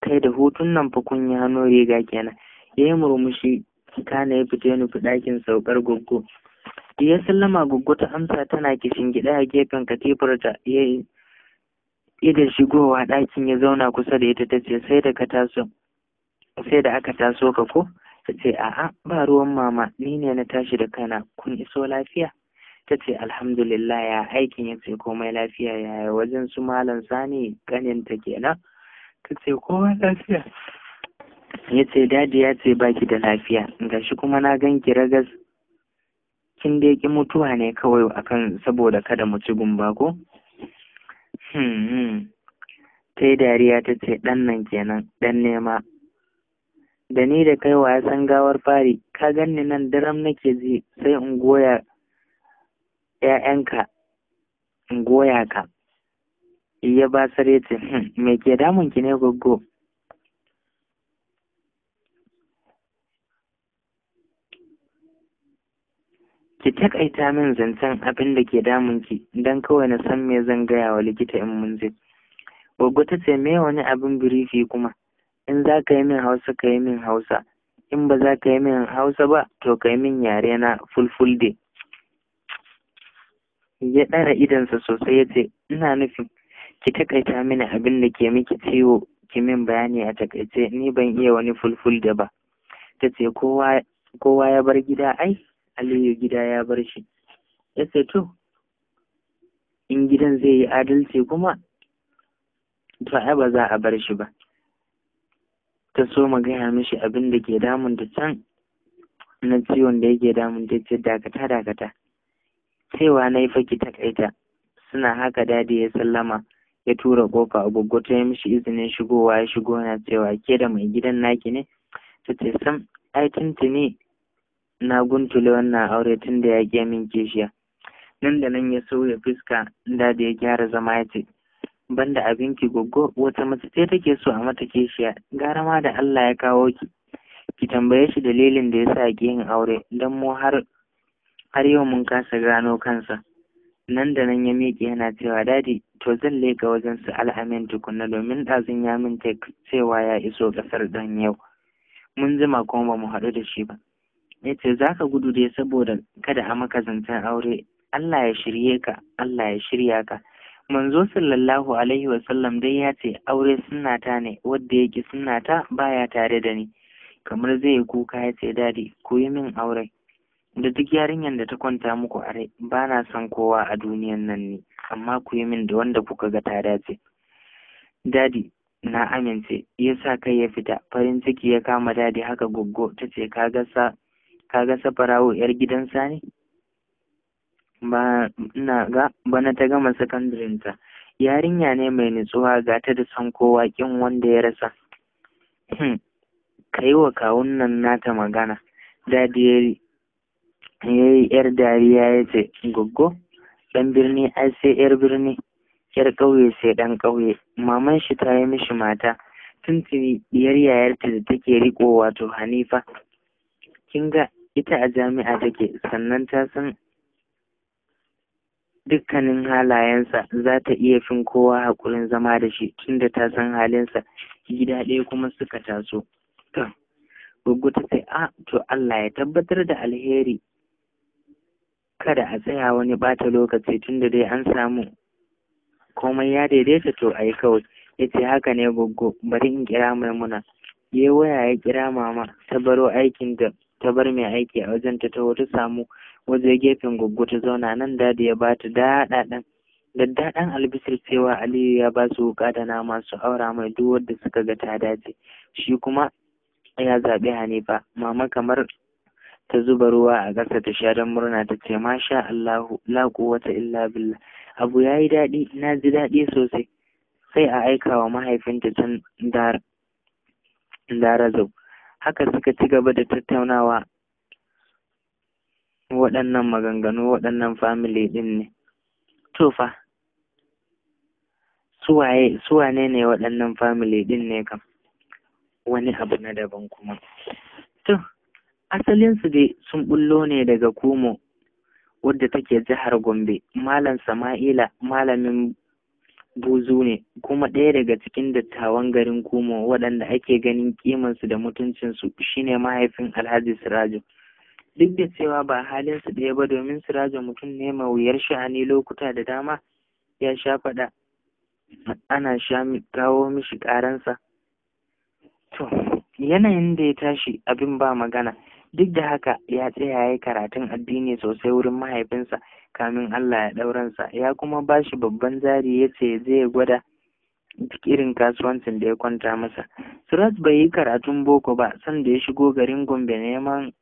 kai da hutun nan fa kun yi hannu riga kenan ya yi murmushi kana ya fita ya nufi ɗakin saukar goggo ya sallama goggo ta amsa tana kishin gida a gefen katifar ta ya yi da shigowa ɗakin ya zauna kusa da ita ta ce sai da ka taso sai da aka taso ka ko ta ce a'a ba ruwan mama ni ne na tashi da kana kun iso lafiya ta ce alhamdulillah ya aikin ya ce komai lafiya yaya wajen su malam sani kanin ta kenan ta ce kowa lafiya ya ce dadi ya ce baki da lafiya gashi kuma na gan ki ragas kin da ki mutuwa ne kawai akan saboda kada mu ci gumba ko hmm, hmm. ta yi dariya ta ce dan nan kenan dan nema da ni da kai wa san gawar fari ka ganni nan daram nake ji sai in goya ƴaƴanka in goya ka iya ba sareti hmm, me ke damun ki ne goggo ki takaita min zancen abin da ke damun ki don kawai na san me zan gaya wa likita in mun je goggo ta ce me wani abin birifi kuma in za ka yi min hausa ka yi min hausa in ba za ka yi min hausa ba to ka yi min yare na fulfulde ya ɗara idansa sosai ya ce ina nufin ki takaita mini abin da ke miki ciwo ki min bayani a takaice ni ban iya wani fulful da ba ta ce kowa ya bar gida ai aliyu gida ya bar shi ya ce to in gidan zai yi adalci kuma to ai ba za a bar shi ba ta so mu gaya mishi abin da ke damun da can na ciwon da yake damun ta ce dakata dakata cewa na yi faki takaita suna haka dadi ya sallama ya tura kofa agogo ta yi mishi izinin shigowa ya shigo na cewa ke da mai gidan naki ne ta ce sam ai tuntuni na guntule wannan aure tun da ya ke min kishiya nan da nan ya sauya fuska da da ya gyara zama ya ce banda abinki goggo wata mace ce take so a mata kishiya gara ma da Allah ya kawo ki ki tambaye shi dalilin da ya sa ki yin aure dan mu har har yau mun kasa gano kansa nan da nan ya miƙe yana cewa dadi to zan leka wajen su al'amin tukunna domin ɗazun ya min cewa ya iso ƙasar dan yau mun zima kuma ba mu haɗu da shi ba ya ce za ka gudu dai saboda kada a maka zancen aure Allah ya shirye ka Allah ya shirya ka manzo sallallahu alaihi wasallam dai ya ce aure sunnata ne wadda yake sunnata baya tare da ni kamar zai kuka ya ce dadi yi min aure da duk yarinyar da ta kwanta muku a ba na son kowa a duniyan nan ne amma ku yi min da wanda kuka ga ta dace dadi na amince ya sa kai ya fita farin ciki ya kama dadi haka goggo ta ce ka ga farawo yar gidansa ne ba na ga bana ta gama sakandirinta yarinya ne mai nutsuwa ga ta da son kowa kin wanda ya rasa hmm, ka yi wa kawun nata magana dadi ya yi ‘yar dariya ya ce, Goggo, ɗan birni ai sai ‘yar birni, ‘yar ƙauye sai ɗan ƙauye. Maman shi ta yi mishi mata, tuntuni diyar yayarta da take riƙo wato Hanifa. Kin ga ita a jami'a take, sannan ta san dukkanin halayensa za ta iya fin kowa haƙurin zama da shi tunda ta san halinsa gida ɗaya kuma suka taso. Goggo ta ce, A, ah, to Allah ya tabbatar da alheri kada a tsaya wani bata lokaci tunda dai an samu komai ya daidaita to a yi kawai ya ce haka ne goggo, bari in kira maimuna ya waya ya kira mama ta baro aikin da ta bar mai aiki a wajen ta taho ta samu waje gefen goggo ta zauna nan dadi ya ba ta daɗaɗan daddaɗan albisir cewa aliyu ya ba su wuka da nama su aura mai duk suka ga ta dace shi kuma ya zaɓi hanifa mama kamar ta zuba ruwa a ƙasa ta sha don murna ta ce masha Allahu la quwwata illa billah abu yayi daɗi na ji daɗi sosai sai a aika wa mahaifinta can zau. haka suka ci gaba da tattaunawa waɗannan maganganu waɗannan family ɗin ne to fa suwaye ne waɗannan family ɗin ne kam wani abu na daban kuma to asalinsu dai sun bullo ne daga kumo wadda take jihar gombe malam sama'ila malamin buzu ne kuma ɗaya daga cikin dattawan garin kumo waɗanda ake ganin kimansu da mutuncinsu shine mahaifin alhaji siraju duk da cewa ba halinsu ɗaya ba domin siraju mutum ne mai wuyar sha'ani lokuta da dama ya sha faɗa ana sha kawo mishi ƙaransa to yanayin da ya tashi abin ba magana duk da haka ya tsaya ya yi karatun addini sosai wurin mahaifinsa kamin Allah ya ɗauransa ya kuma ba shi babban zari ya ce zai gwada duk irin kasuwancin da ya kwanta masa Surat bai yi karatun boko ba sanda ya shigo garin Gombe neman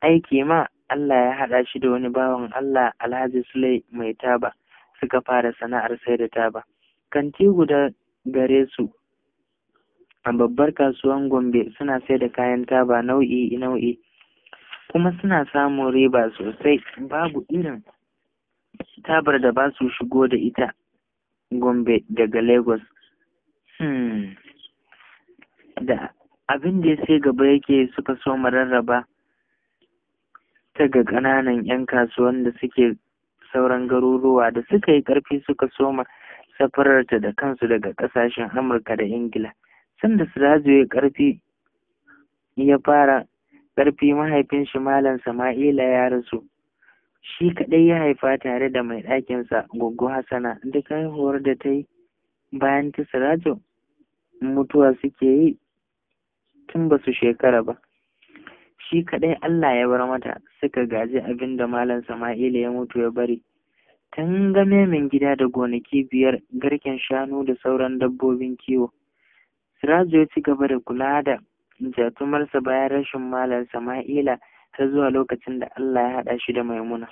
aiki ma Allah ya haɗa shi da wani bawan Allah Alhaji Sulai mai taba suka fara sana'ar sai da taba kanti guda gare su a babbar kasuwan Gombe suna sai da kayan taba nau'i nau'i kuma suna samun riba sosai babu irin tabar da ba su shigo da ita Gombe daga Lagos hmm. da abin da sai gaba yake suka so rarraba ta ga ƙananan 'yan kasuwan da suke sauran garuruwa da suka yi ƙarfi suka soma safararta da kansu daga ƙasashen Amurka da Ingila. Sanda Sirajo ya karfi ya fara karfi mahaifin shi Malam Sama'ila ya rasu. Shi kaɗai ya haifa tare da mai ɗakinsa Goggo Hassana duk haihuwar da ta yi bayan ta Sirajo mutuwa suke yi tun ba su shekara ba. Shi kaɗai Allah ya bar mata suka gaji abin da Malam Sama'ila ya mutu ya bari. Tun game min gida da gonaki biyar garken shanu da sauran dabbobin kiwo. Sirajo ya ci gaba da kula da jatumarsa bayan rashin malam Sama'ila har zuwa lokacin da Allah ya haɗa shi da Maimuna.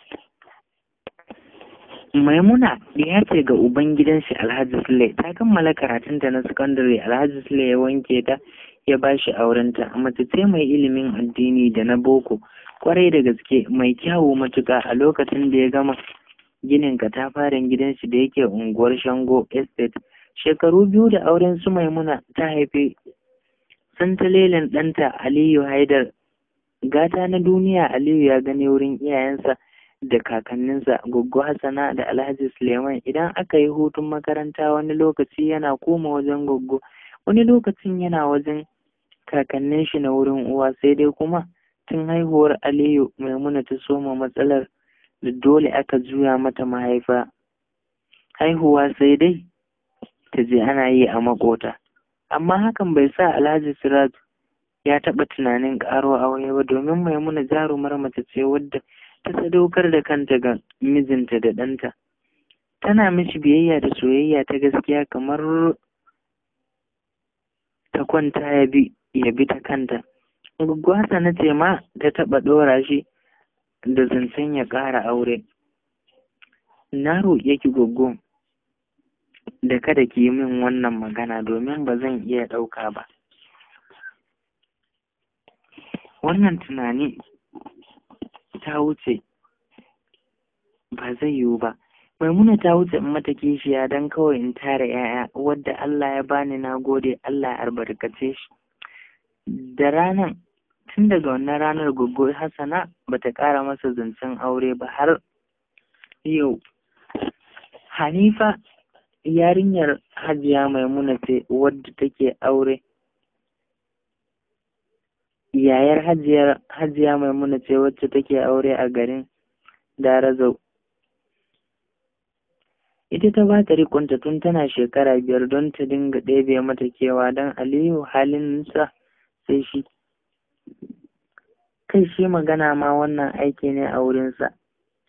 Maimuna ya ce ga uban gidanshi Alhaji Sule ta kammala karatunta na sakandare Alhaji Sule ya wanke ta ya ba shi aurenta mace ce mai ilimin addini da na boko kwarai da gaske mai kyawu matuka a lokacin da ya gama ginin katafaren shi da yake unguwar Shango Estate shekaru biyu da auren su maimuna ta haife santalelen ɗanta aliyu haidar gata na duniya aliyu ya gani wurin iyayensa da kakanninsa Goggo hassana da alhaji suleiman idan aka yi hutun makaranta wani lokaci yana koma wajen Goggo, wani lokacin yana wajen kakannin shi na wurin uwa sai dai kuma tun haihuwar aliyu maimuna ta soma matsalar da dole aka juya mata mahaifa haihuwa sai dai ta je ana yi a makota amma hakan bai sa alhaji siraj ya taɓa tunanin ƙaro aure ba domin maimuna jarumar mace ce wadda ta sadaukar da kanta ga mijinta da ɗanta tana mishi biyayya da soyayya ta gaskiya kamar ta kwanta ya bi ya bi ta kanta gwaggwasa na ce ma ta taɓa ɗora shi da zancen ya ƙara aure na roƙe ki goggo da kada ki yi min wannan magana domin ba zan iya ɗauka ba wannan tunani ta wuce ba zai yiwu ba maimuna ta wuce in mata kishiya don kawai in tara yaya wadda Allah ya bani na gode Allah ya albarkace shi da ranar tun daga wannan ranar gugu hasana bata ƙara masa zancen aure ba har yau hanifa yarinyar hajiya maimuna ce wadda take aure yayar hajiyar hajiya maimuna ce wacce take aure a garin darazau ita ta ba ta rikonta tun tana shekara biyar don ta dinga ɗebe mata kewa don aliyu halinsa sai shi kai shi magana ma wannan aiki ne a wurinsa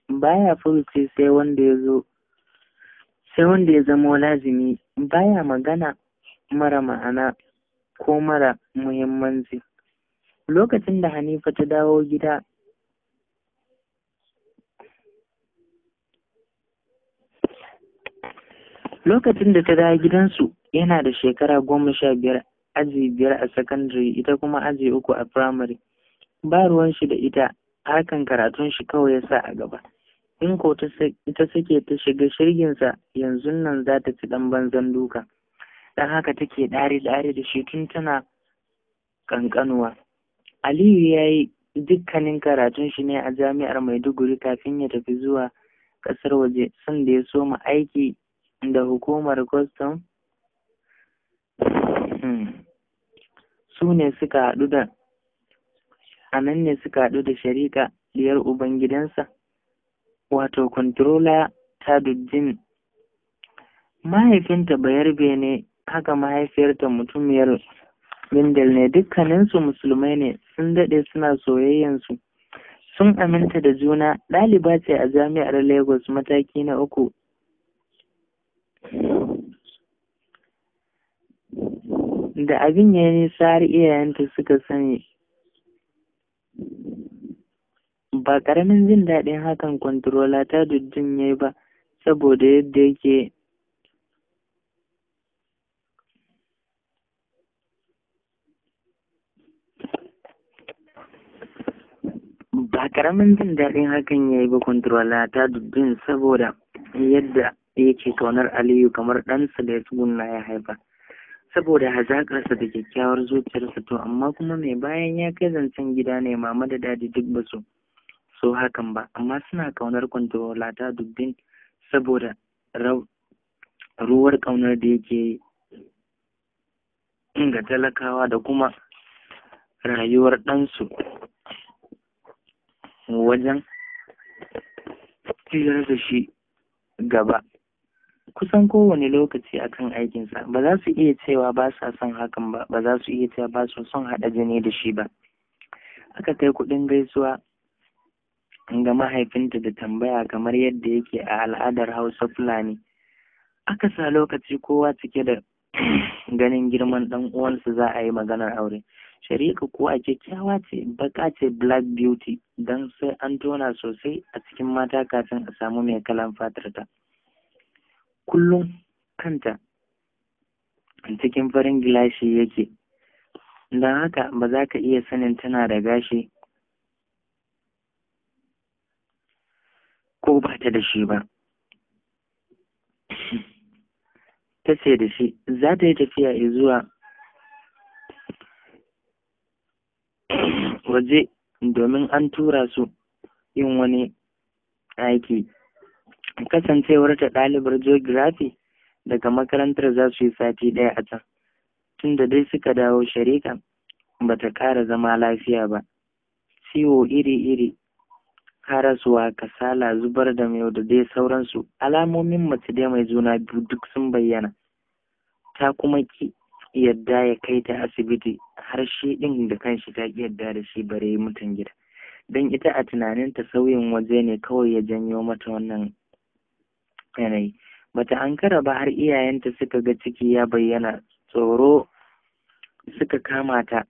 baya furuci sai wanda ya zo sai wanda ya zamo lazimi baya magana mara ma'ana ko mara muhimmanci lokacin da hanifa ta dawo gida lokacin da ta dawo gidansu yana da shekara goma sha biyar aji biyar a sakandare ita kuma aji uku a firamare ba ruwan shi da ita hakan karatun shi kawai ya sa a gaba in ko ta sake ta shiga shirginsa yanzu nan za ta ci dan banzan duka dan haka take ɗare-ɗare da shi tun tana ƙanƙanuwa aliyu ya yi dukkanin karatun shi ne a jami'ar maiduguri kafin ya tafi zuwa ƙasar waje sanda ya soma aiki da hukumar kwastam hmm. su ne suka haɗu da a nan ne suka haɗu da shari'a diyar ubangidansa wato controller duddin mahaifinta bayar ne haka mahaifiyarta mutumiyar bindal ne dukkaninsu musulmai ne sun daɗe suna soyayyansu sun aminta da juna ɗaliba ce a jami'ar lagos mataki na uku da abin ya nisa har iyayenta suka sani ba ƙaramin jin daɗin hakan kwantarola ta dujjun ya yi ba saboda yadda yake ba karamin jin daɗin hakan ya yi ba kwantarola ta dujjun saboda yadda yake kaunar aliyu kamar ɗansa da ya tsugunna ya haifa saboda hazaƙarsa da kyakkyawar zuciyarsa to amma kuma mai bayan ya kai zancen gida ne mama da dadi duk basu so hakan ba amma suna kaunar kwantolata ta dubbin saboda ruwar kaunar da yake ga talakawa da kuma rayuwar ɗansu wajen ciyar da shi gaba kusan kowane lokaci akan aikinsa ba za su iya cewa ba sa son hakan ba ba za su iya cewa ba su son haɗa jini da shi ba aka kai kuɗin gaisuwa an ga mahaifinta da tambaya kamar yadda yake a al'adar hausa fulani aka sa lokaci kowa cike da ganin girman ɗan uwansu za a yi maganar aure shari'a kuwa kyakkyawa ce baka ce black beauty don sai an tona sosai a cikin mata kafin a samu mai kalan fatar ta kullum kanta cikin farin gilashi yake don haka ba za ka iya sanin tana da gashi ko ba ta da shi ba ta sai da shi za ta yi tafiya zuwa waje domin an tura su yin wani aiki kasancewar ta ɗalibar geography daga makarantar za su yi sati ɗaya a can tunda dai suka dawo sharika ba ta ƙara zama lafiya ba ciwo iri-iri karaswa kasala zubar da mai da dai sauransu alamomin mace dai mai juna biyu duk sun bayyana ta kuma ki yadda ya kai ta asibiti har shi din da kanshi ta ki yadda da shi bare mutan gida don ita a tunanin ta sauyin waje ne kawai ya janyo mata wannan yanayi bata ankara ba har iyayenta suka ga ciki ya bayyana tsoro suka kama ta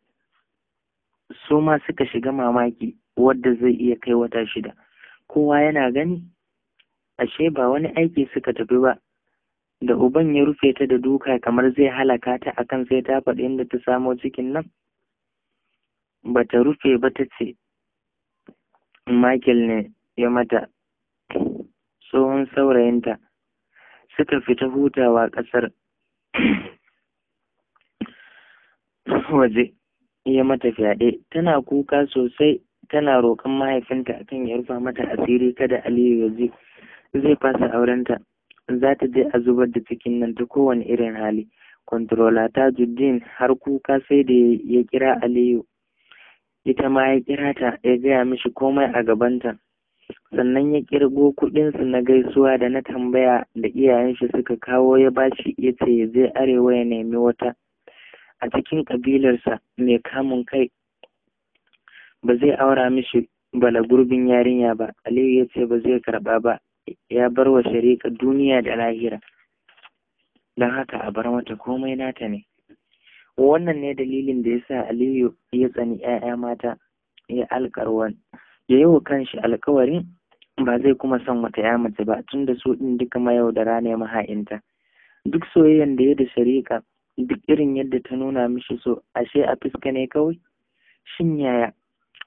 su ma suka shiga mamaki wadda zai iya kai wata shida kowa yana gani ashe ba wani aiki suka tafi ba da uban ya rufe ta da duka kamar zai halaka ta akan sai ta faɗi inda ta samo cikin nan ba ta rufe ba ta ce Michael ne ya mata tsohon saurayinta suka fita hutawa ƙasar waje ya mata fyaɗe tana kuka sosai tana roƙon mahaifinta akan ya rufa mata asiri kada Aliyu ya je zai fasa aurenta za ta je a zubar da cikin nan ta kowane irin hali Kontrola ta Juddin har kuka sai da ya kira Aliyu ita ma ya kira ta ya gaya mishi komai a gabanta sannan ya kirgo kuɗinsu na gaisuwa da na tambaya da iyayen shi suka kawo ya bashi ya ce ya arewa ya nemi wata a cikin kabilarsa mai kamun kai ba zai aura mishi bala gurbin yarinya ba aliyu ya ce ba zai karba ba ya bar wa sharika duniya da lahira don haka a bar mata komai nata ne wannan ne dalilin da ya sa aliyu ya tsani 'ya'ya mata ya alkarwa ya yi wa kanshi alkawarin ba zai kuma son wata ya mace ba tun da su ɗin duka mayaudara ne maha'inta duk soyayyan da ya da sharika duk irin yadda ta nuna mishi so ashe a fuska ne kawai shin yaya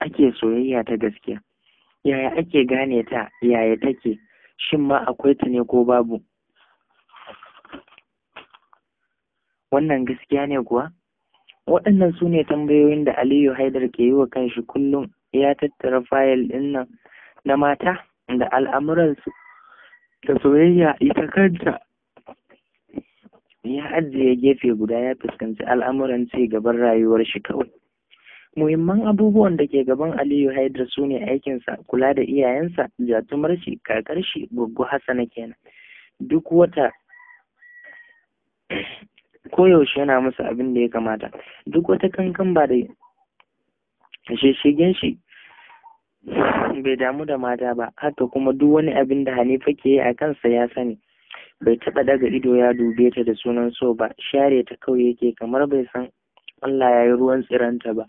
ake soyayya ta gaskiya yaya ake gane ta yaya take shin ma akwai ta ne ko babu wannan gaskiya ne kuwa waɗannan su ne tambayoyin da aliyu haidar ke yi wa shi kullum ya tattara fayil ɗin nan na mata da al'amuransu da soyayya ita kanta ya ajiye gefe guda ya fuskanci al'amuran ci gaban rayuwar shi kawai muhimman abubuwan da ke gaban aliyu haidar su ne aikinsa kula da iyayensa jatumar shi kakar shi goggo hasana kenan duk wata koyaushe yana musu abin da ya kamata duk wata kankan ba da sheshegen shi bai damu da mata ba haka kuma duk wani abin da hanifa ke yi a kansa ya sani bai taɓa daga ido ya dube ta da sunan so ba share ta kawai yake kamar bai san Allah ya yi ruwan tsiranta ba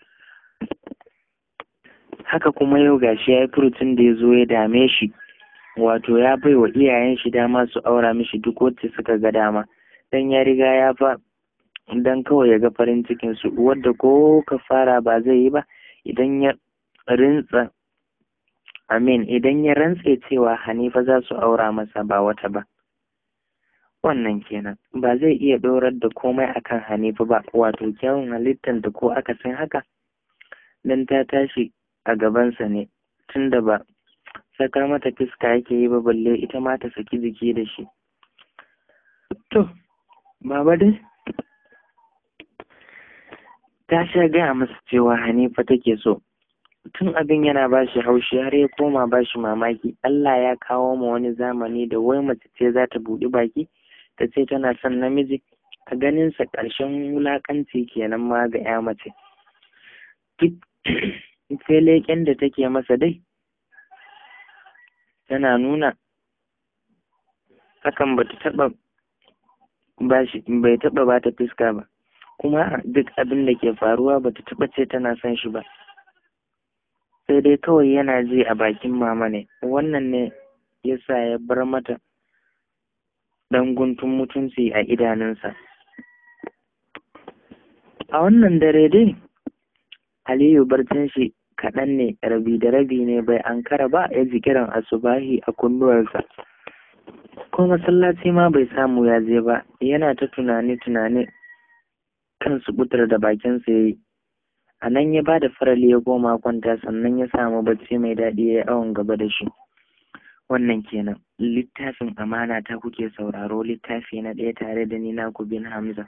haka kuma yau gashi ya yi furucin da ya zo ya dame shi wato ya bai wa iyayen shi dama su aura mishi duk wacce suka ga dama dan ya riga ya fa dan kawai ya ga farin cikin su wadda ko ka fara ba zai yi ba idan ya rintsa amin idan ya rantse cewa hanifa za su aura masa ba wata ba wannan kenan ba zai iya ɗaurar da komai akan hanifa ba wato kyawun halittar da ko aka san haka dan ta tashi a gabansa ne tun da ba sakar mata fuska yake yi ba balle ita ma ta saki jiki da shi to baba dai ta sha gaya masa cewa hanifa take so tun abin yana ba shi haushi har ya koma ba shi mamaki Allah ya kawo ma wani zamani da wai mace ce za ta buɗi baki ta ce tana son namiji a ganinsa ƙarshen wulaƙanci kenan ma ga ya mace duk sai leƙen da take masa dai tana nuna hakan ta taɓa ba shi bai taɓa ba ta fuska ba kuma duk abin da ke faruwa ba ta taɓa ce tana son shi ba sai dai kawai yana ji a bakin mama ne wannan ne ya sa ya bar mata ɗan guntun mutunci a idanunsa a wannan dare dai Aliyu barcin shi kaɗan ne rabi da rabi ne bai ankara ba ya ji kiran asubahi a kunnuwarsa ko masallaci ma bai samu ya je ba yana ta tunani tunani kan subutar da bakinsa ya yi a nan ya ba da farali ya goma kwanta sannan ya samu bacci mai daɗi ya yi awon gaba da shi wannan kenan littafin amana ta kuke sauraro littafi na ɗaya tare da ni naku bin hamza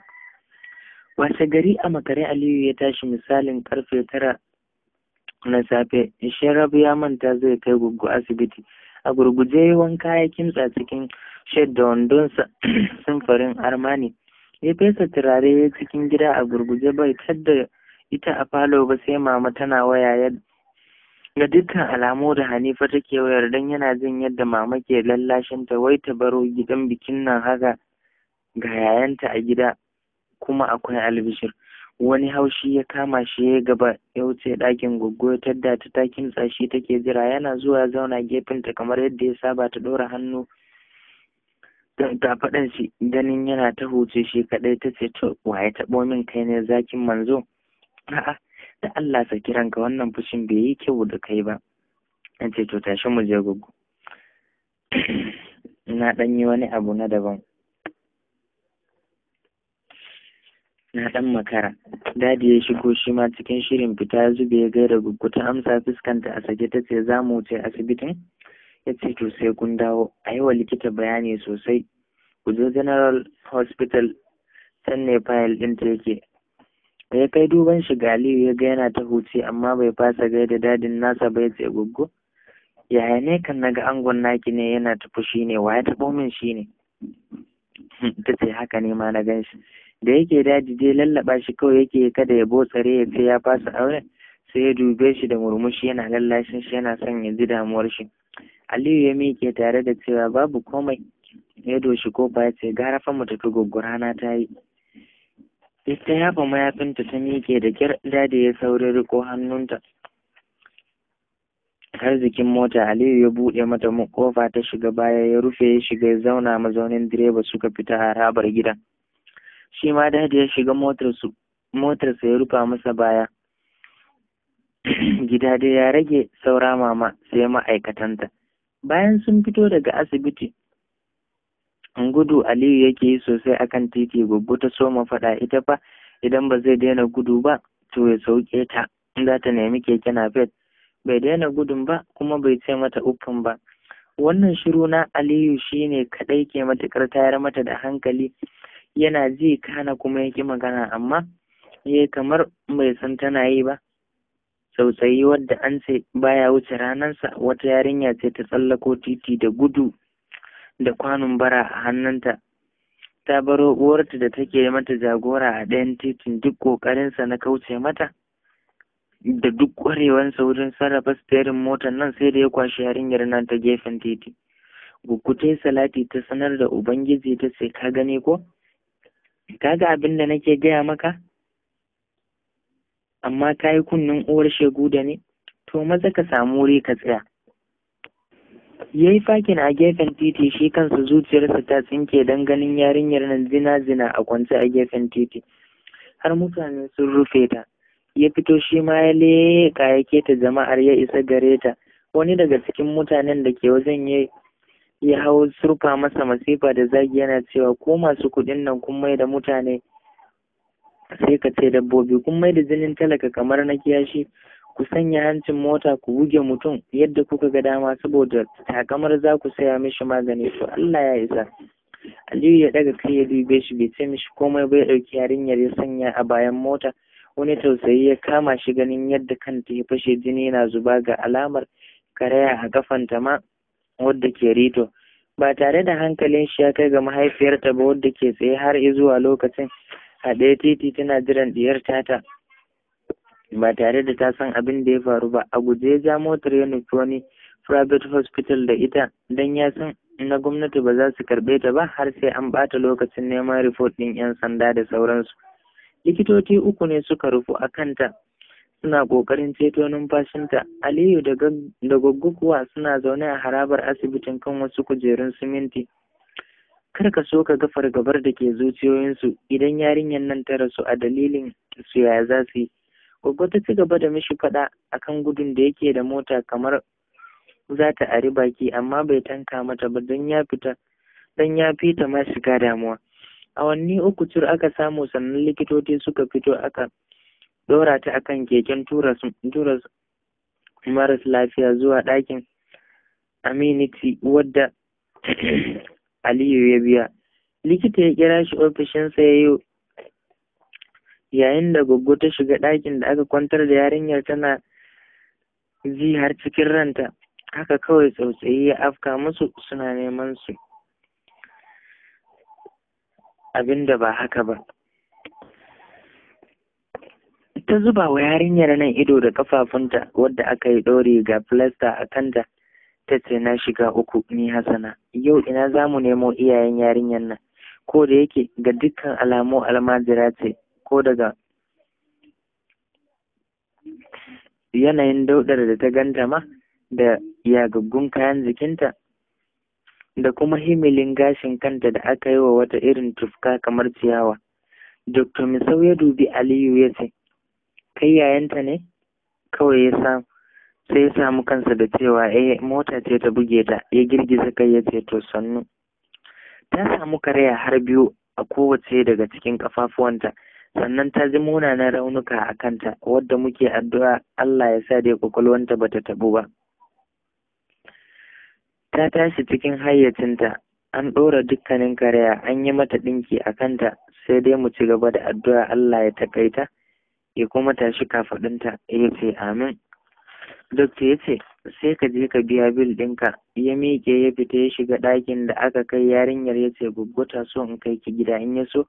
washe gari a makare aliyu ya tashi misalin karfe tara na safe sharabu ya manta zai kai gugu asibiti a gurguje wanka ya kimtsa cikin shed da wandonsa samfarin armani ya fesa turare cikin gida a gurguje bai tadda ita a falo ba sai mama tana waya ga dukkan alamu da hanifa take wayar don yana jin yadda mama ke lallashin ta wai ta baro gidan bikin nan haka ga yayanta a gida kuma akwai albishir wani haushi ya kama shi ya gaba ya wuce ɗakin goggo ya tadda ta takin tsashi take jira yana zuwa zauna gefenta kamar yadda ya saba ta ɗora hannu faɗan shi ganin yana ta huce shi kaɗai ta ce to wa taɓo min kai ne zakin manzo a'a da Allah sa kiranka wannan fushin bai yi kyau da kai ba an ce to tashi mu je goggo na ɗan wani abu na daban na ɗan makara dadi ya shigo shi ma cikin shirin fita ya zube ya gaida guggu ta amsa fuskanta a sake ta ce za mu wuce asibitin ya ce to sai kun dawo a yi wa likita bayani sosai ku zo general hospital can ne fayil ta yake ya kai duban shi Aliyu ya ga yana ta huce amma bai fasa gaida dadin nasa ba ya ce guggu yaya ne kan naga angon naki ne yana ta fushi ne wa ya taɓo min shi ne ta ce haka ne ma na gan shi da yake daji dai lallaba shi kawai yake kada ya botsare ya ce ya fasa auren sai ya dube shi da murmushi yana lallashin shi yana son ya ji damuwar shi aliyu ya miƙe tare da cewa babu komai ya doshi kofa ya ce gara fa mu tafi na, ta yi ita fa mayafinta ta miƙe da kyar daji ya saurin riko hannunta har jikin mota aliyu ya buɗe mata kofa ta shiga baya ya rufe ya shiga ya zauna mazaunin direba suka fita a harabar gidan shi ma da ya shiga motarsu motarsa ya rufa masa baya gida dai ya rage saura mama sai ma'aikatanta bayan sun fito daga asibiti gudu aliyu yake yi sosai a kan titi gobe ta soma faɗa ita fa idan ba zai daina gudu ba to ya sauke ta za ta nemi keke fet. bai daina gudun ba kuma bai ce mata uffan ba wannan shiru na aliyu shine kaɗai ke matuƙar tayar mata da hankali yana ji kana kuma yake magana amma ya eh, kamar mai san tana yi ba sautsayi wadda an ce baya wuce ranarsa wata yarinya ce ta tsallako titi da gudu da kwanon bara a hannunta ta baro uwarta da take mata jagora a ɗayan titin duk ƙoƙarinsa na kauce mata da duk ƙwarewansa wurin sarrafa sterin motar nan sai da ya kwashi yarinyar nan ta gefen titi gukkutai salati ta sanar da ubangiji ta ce ka gani ko kaga abin da nake gaya maka amma ka yi kunnen uwar shegu da ne to maza ka samu wuri ka tsaya ya yi fakin a gefen titi shi kansa zuciyarsa ta tsinke don ganin yarinyar nan zina-zina a kwance a gefen titi har mutane sun rufe ta ya fito shi ma ya leƙa ya keta jama'ar ya isa gare ta wani daga cikin mutanen da ke wajen ya ya hau surfa masa masifa da zagi yana cewa ko masu kuɗin nan kun mai da mutane sai ka ce dabbobi kun mai da jinin talaka kamar na kiyashi ku sanya hancin mota ku buge mutum yadda kuka ga dama saboda takamar za ku saya mishi magani to Allah ya isa Aliyu ya daga kai ya dube shi bai ce mishi komai bai ɗauki yarinyar ya sanya a bayan mota wani tausayi ya kama shi ganin yadda kanta ya fashe jini na zuba ga alamar karaya a kafanta ma wadda ke rito ba tare da hankalin shi ya kai ga mahaifiyarta ba wadda ke tsaye har zuwa lokacin a ɗaya titi tana jiran diyar tata ba tare da ta san abin da ya faru ba a guje ja motar ya nufi wani private hospital da ita don ya san na gwamnati ba za su karɓe ta ba har sai an ɓata lokacin neman report ɗin 'yan sanda da sauransu likitoci uku ne suka rufu a kanta suna ƙoƙarin ceto numfashinta aliyu da goggo suna zaune a harabar asibitin kan wasu kujerun siminti kar ka so ka ga fargabar da ke zuciyoyinsu idan yarinyar nan ta rasu a dalilin su ya za su yi goggo ta ci gaba da mishi faɗa kan gudun da yake da mota kamar za ta ari baki amma bai tanka mata ba don ya fita don ma shiga damuwa awanni uku cur aka samu sannan likitoci suka fito aka ɗora ta akan keken tura maras lafiya zuwa ɗakin aminiti wadda Aliyu ya biya likita ya kira shi ofishinsa ya yi yayin da goggo ta shiga ɗakin da aka kwantar da yarinyar tana ji har cikin ranta haka kawai tsautsayi ya afka musu suna neman su abinda ba haka ba ta zuba wa yarinyar nan ido da kafafunta wadda aka yi ɗore ga filasta a kanta ta ce na shiga uku ni hasana yau ina za mu nemo iyayen yarinyar nan ko da yake ga dukkan alamu almajira ce ko daga yanayin daudar da ta ganta ma da yagaggun kayan jikinta da kuma himilin gashin kanta da aka yi wa wata irin tufka kamar ciyawa Dr. Misau ya dubi Aliyu ya ce, kai yayanta ne kawai ya samu sai ya samu kansa da cewa eh mota ce ta buge ta ya girgiza kai ya ce to sannu ta samu karaya har biyu a kowace daga cikin kafafuwanta sannan ta ji munanan raunuka a kanta wadda muke addu'a Allah ya sa dai kwakwalwanta ba ta tabu ba ta tashi cikin hayyacinta an ɗora dukkanin karaya an yi mata ɗinki a kanta sai dai mu ci gaba da addu'a Allah ya takaita ya kuma tashi kafaɗinta ya ce amin dokta ya ce sai ka je ka biya bil ɗinka ya miƙe ya fita ya shiga ɗakin da aka kai yarinyar ya ce gugguta so in kai ki gida in ya so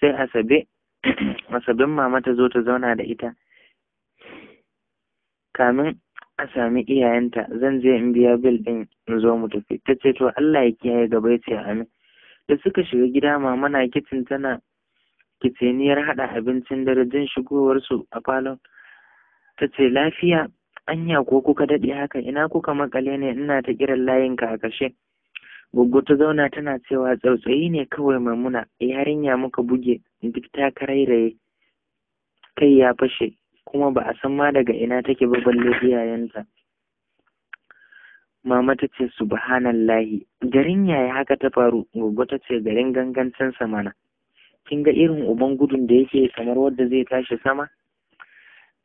sai asabe asabin mama ta zo ta zauna da ita kamin a sami iyayenta zan je in biya bil ɗin in zo mu tafi ta ce to Allah ya kiyaye gaba ya ce amin da suka shiga gida mama na kicin tana kitseniyar haɗa abincin dare jin shigowarsu a falon ta ce lafiya anya ko kuka daɗe haka ina kuka makale ne ina ta kiran layinka a kashe Goggo ta zauna tana cewa tsautsayi ne kawai maimuna eh, yarinya muka buge duk ta karairaye kai ya fashe kuma ba a san ma daga ina take ba balle iyayenta mama ta ce subhanallahi garin yaya haka ta faru Goggo ta ce garin gangancin mana kin ga irin uban gudun da yake kamar wadda zai tashi sama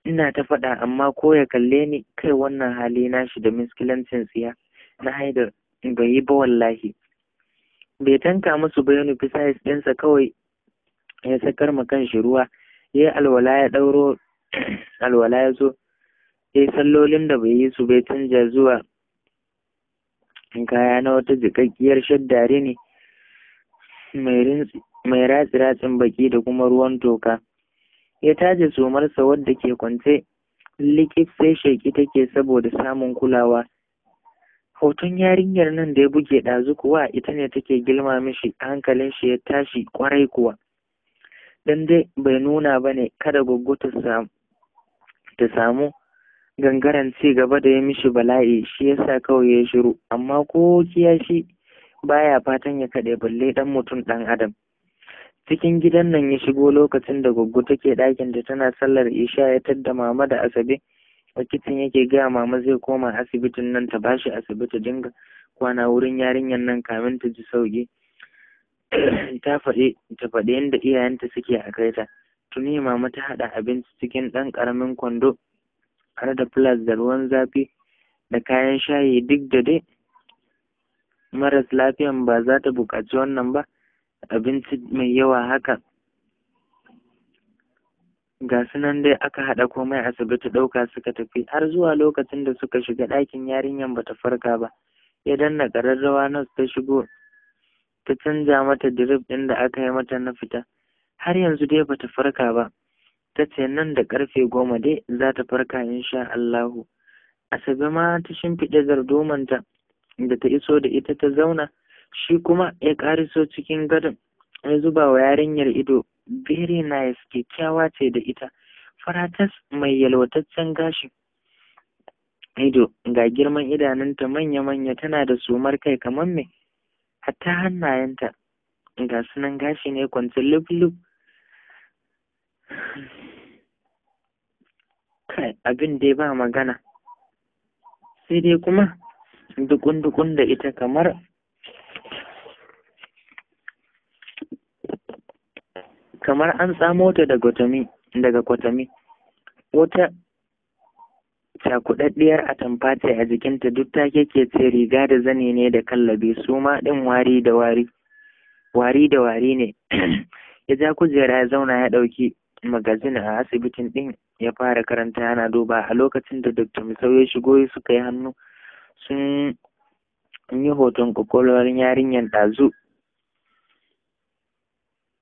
ina ta faɗa amma ko ya kalle ni kai wannan hali na shi da miskilancin tsiya na haida. bai yi ba wallahi bai tanka musu ba yana fisayis ɗinsa kawai ya sakar ma kan shi ruwa ya yi alwala ya ɗauro alwala ya zo ya yi sallolin da bai yi su bai canja zuwa kaya na wata jikakkiyar shaddare ne mai rintsi mai ratsi ratsin baki da kuma ruwan toka ya taje tsomarsa wadda ke kwance likif sai shaiki take saboda samun kulawa hoton yarinyar nan da ya buge ɗazu kuwa ita ne take gilma mishi hankalin shi ya tashi kwarai kuwa dan dai bai nuna ba ne kada goggo ta samu gangaren ci gaba da ya mishi bala'i shi ya sa kawai ya shiru amma ko kiyashi baya fatan ya kaɗe balle ɗan mutum ɗan adam cikin gidan nan ya shigo lokacin da goggo take ɗakin da tana sallar isha ya tadda mama da asabe likitan yake gaya mama zai koma asibitin nan ta bashi asibiti dinga kwana wurin yarinyar nan kamin ta ji sauki ta faɗi ta faɗi yadda iyayenta suke a kai ta tuni mama ta haɗa abinci cikin ɗan ƙaramin kwando har da filas da ruwan zafi da kayan shayi duk da dai maras lafiyan ba za ta buƙaci wannan ba abinci mai yawa haka ga su nan dai aka haɗa komai asibiti ɗauka suka tafi har zuwa lokacin da suka shiga ɗakin yarinyar bata farka ba ya danna ƙararrawa na ta shigo ta canja mata drip ɗin da aka yi mata na fita har yanzu dai bata farka ba ta ce nan da ƙarfe goma dai za ta farka sha Allahu asabe ma ta shimfiɗe zardomanta da ta iso da ita ta zauna shi kuma ya ƙariso cikin gadon ya zuba wa yarinyar ido very nice kyakkyawa ce da ita faratas mai yalwataccen gashi ido ga girman idanunta manya-manya tana da sumar kai kamar mai hatta hannayenta ga sunan gashi ne kwanci lub-lub kai abin dai ba magana sai dai kuma dukun da ita kamar kamar an tsamo ta daga kwatami daga kwatami wata cakuɗaɗɗiyar atamfa ce a jikinta duk ta keke ce riga da zane ne da kallabi su ma din wari da wari wari da wari ne ya ja kujera ya zauna ya ɗauki magazin a asibitin ɗin ya fara karanta yana duba a lokacin da dr misau ya shigo suka yi hannu sun yi hoton kwakwalwar yarinyar ɗazu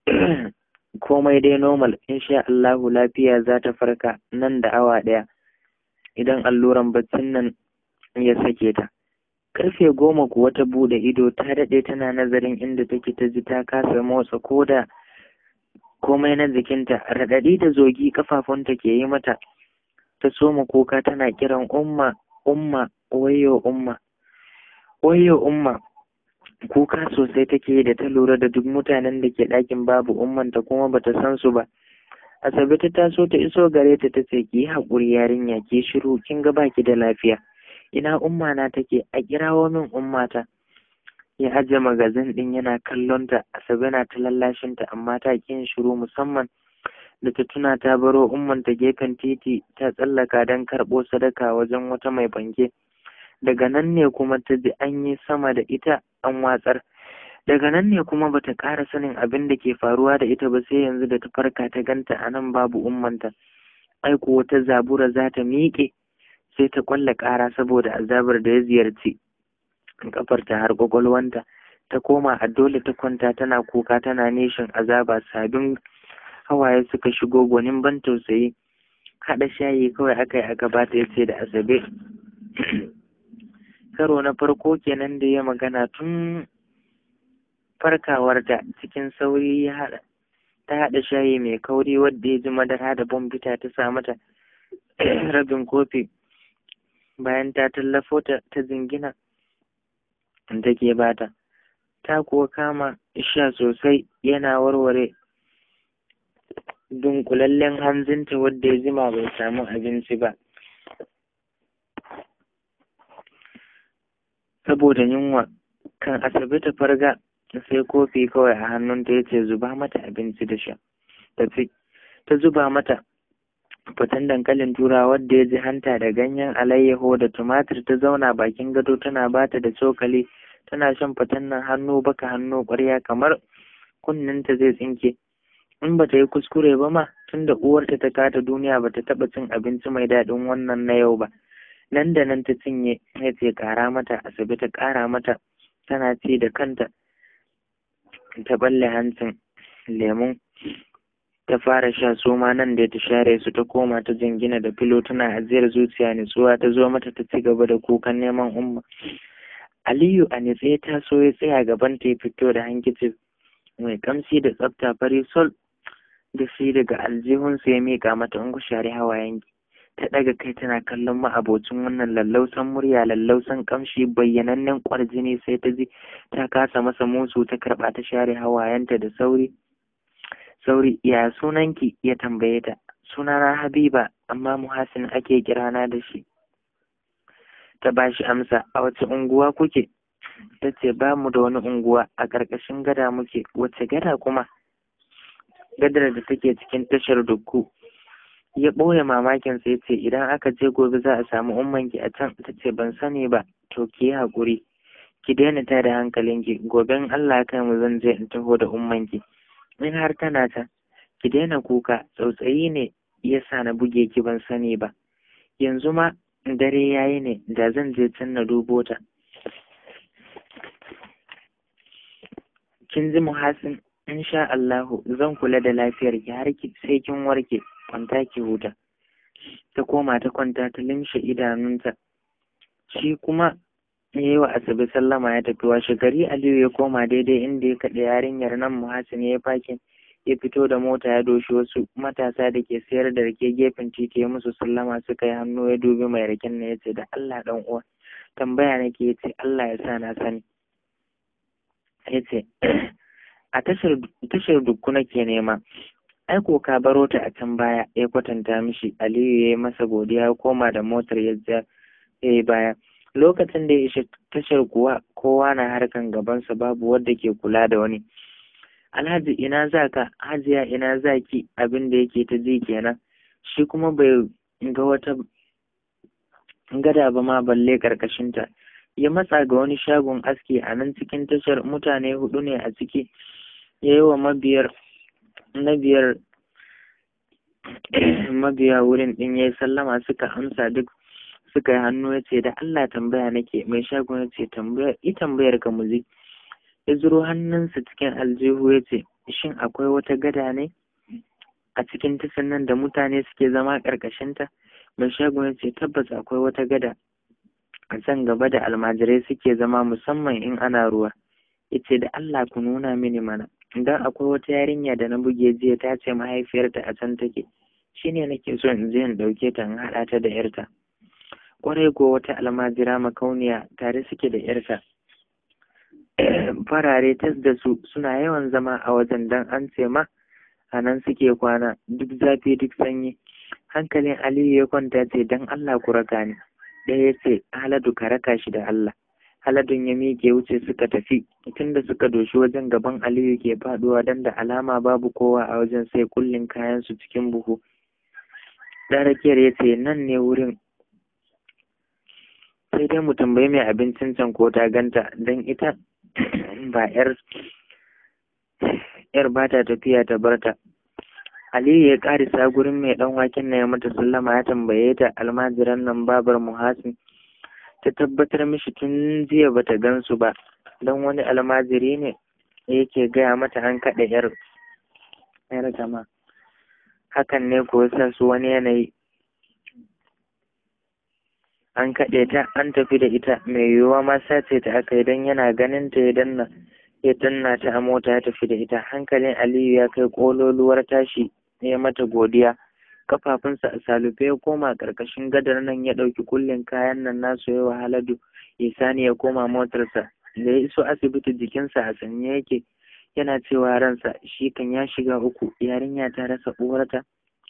komai dai normal insha Allahu lafiya za ta farka nan da awa ɗaya idan alluran baccin nan ya sake ta karfe goma kuwa ta bude ido ta daɗe tana nazarin inda take ta ji ta kasa motsa koda komai na jikinta raɗaɗi da zogi ƙafafunta ke yi mata ta soma kuka tana kiran umma umma wayo umma wayo umma kuka sosai take da ta lura da duk mutanen da ke ɗakin babu ummanta kuma bata san su ba asabe ta taso ta iso gare ta ta ce ki haƙuri yarinya ki shiru kin ga baki da lafiya ina umma na take a kirawo min ummata ya ajiye magazin din yana kallon ta asabe na ta lallashin ta amma ta kin shiru musamman da ta tuna ta baro umman ta gefen titi ta tsallaka don karɓo sadaka wajen wata mai banke. daga nan ne kuma ta ji an yi sama da ita an watsar daga nan ne kuma bata ƙara sanin abin da ke faruwa da ita ba sai yanzu da ta farka ta ganta a nan babu ummanta ai kuwa zabura za ta miƙe sai ta ƙwalla ƙara saboda azabar da ya ziyarci ta har ƙwaƙwalwanta ta koma a dole ta kwanta tana kuka tana nishin azaba sabin hawaye suka shigo gwanin ban tausayi haɗa shayi kawai aka yi aka bata ya ce da asabe karo na farko kenan da ya magana tun farkawar da cikin sauri ya haɗa ta haɗa shayi mai kauri wadda ya ji madara da bombita ta sa mata rabin kofi bayan ta tallafo ta ta zingina da ke bata ta kuwa kama sha sosai yana warware dunkulallen hanzinta wadda ya zima bai samu abinci ba saboda yunwa kan asabe ta farga sai kofi kawai a hannunta ya ce zuba mata abinci da sha tafi ta zuba mata fatan dankalin turawa wadda ya ji hanta da ganyen alayyaho da tumatir ta zauna bakin gado tana bata da cokali tana shan fatan nan hannu baka hannu ƙwarya kamar kunninta zai tsinke in ba ta yi kuskure ba ma tunda uwarta ta kata duniya ba ta taɓa cin abinci mai daɗin wannan na yau ba nan da nan ta cinye ya ce ƙara mata asibiti kara mata tana ci da kanta ta balle hancin lemun ta fara sha su ma nan da ta share su ta koma ta jingina da filo tana ajiyar zuciya nutsuwa ta zo mata ta ci gaba da kukan neman umma aliyu a nitse ta so ya tsaya gaban ta fito da hankicin mai kamshi da tsafta fari sol da shi daga aljihunsa ya miƙa mata in share yanki ta ɗaga kai tana kallon ma'abocin wannan lallausan murya lallausan kamshi bayyanannen kwarjini sai ta ji ta kasa masa musu ta karɓa ta share hawayenta da sauri sauri ya sunanki ya tambaye ta sunana habiba amma muhasin ake kirana da shi ta ba shi amsa a wace unguwa kuke ta ce ba mu da wani unguwa a ƙarƙashin gada muke wace gada kuma gadar da take cikin tashar dukku ya ɓoye mamakin sai ce idan aka je gobe za a samu ummanki a can ta ce ban sani ba to ki yi haƙuri ki daina ta da gobe in allah kai mu zan je in taho da ummanki in har tana ta ki daina kuka tsautsayi ne ya sa na buge ki ban sani ba yanzu ma dare ya yi ne da zan je can na dubo ta kin ji muhasin insha allahu zan kula da lafiyarki har sai kin warke kwanta ki huta ta koma ta kwanta ta limshe idanunta shi kuma ya yi wa asabe sallama ya tafi washe gari aliyu ya koma daidai inda ya kaɗa yarinyar nan ne ya fakin ya fito da mota ya doshi wasu matasa da ke sayar da rake gefen titi ya musu sallama suka yi hannu ya dubi mai raken na ya ce da allah ɗan uwa tambaya nake ya ce allah ya sa na sani ya ce a tashar dukku nake nema ai ko ka baro ta a can baya ya kwatanta mishi aliyu ya yi masa godiya ya koma da motar ya ja ya yi baya lokacin da ya isa tashar kuwa kowa na harkan gabansa babu wadda ke kula da wani alhaji ina za ka hajiya ina za ki abin da yake ta ji kenan shi kuma bai ga wata gada ba ma balle karkashinta ya matsa ga wani shagon aski a nan cikin tashar mutane hudu ne a ciki ya yi wa mabiyar na biyar mabiya wurin din yayi sallama suka amsa duk suka yi hannu ya ce da Allah tambaya nake mai shagon ya ce tambaya tambayar ka muzi ya zuro hannunsa cikin aljihu ya ce shin akwai wata gada ne a cikin tufin nan da mutane suke zama ƙarƙashinta mai shagon ya ce tabbas akwai wata gada a can gaba da almajirai suke zama musamman in ana ruwa ya ce da Allah ku nuna mini mana dan akwai wata yarinya da na buge jiya ta ce mahaifiyarta a can take shine nake so in je in ɗauke ta in haɗa ta da yarta kwarai ko wata almajira makauniya tare suke da yarta farare tas da su suna yawan zama a wajen dan an ce ma a nan suke kwana duk zafi duk sanyi hankalin aliyu ya kwanta ce dan allah ku raka ni ɗaya ce haladu ka raka shi da allah Haladun ya miƙe wuce suka tafi, Tunda suka doshi wajen gaban Aliyu ke faɗuwa don da alama babu kowa a wajen sai kullin kayansu cikin buhu. ɗarakiyar ya ce nan ne wurin sai dai mu tambayi mai abincin can ko ta ganta don ita ba yar yar ba ta tafiya ta barta. Aliyu ya ƙarisa gurin mai ɗan waken na ya mata sallama ya tambaye ta almajiran nan babar Muhasin. ta tabbatar mishi tun jiya bata gansu ba don wani almajiri ne yake gaya mata an kaɗa yar yar gama hakan ne ko sa su wani yanayi an kaɗe ta an tafi da ita mai yiwuwa ma sace ta aka idan yana ganin ta ya danna ya danna ta a mota ya tafi da ita hankalin aliyu ya kai ƙololuwar tashi ya mata godiya kafafunsa a salufe ya koma ƙarƙashin gadar nan ya ɗauki kullin kayan nan nasu ya wahaladu isani ya koma motarsa da ya iso asibiti jikinsa a sanye yake yana cewa ransa shi kan ya shiga uku yarinya ta rasa uwarta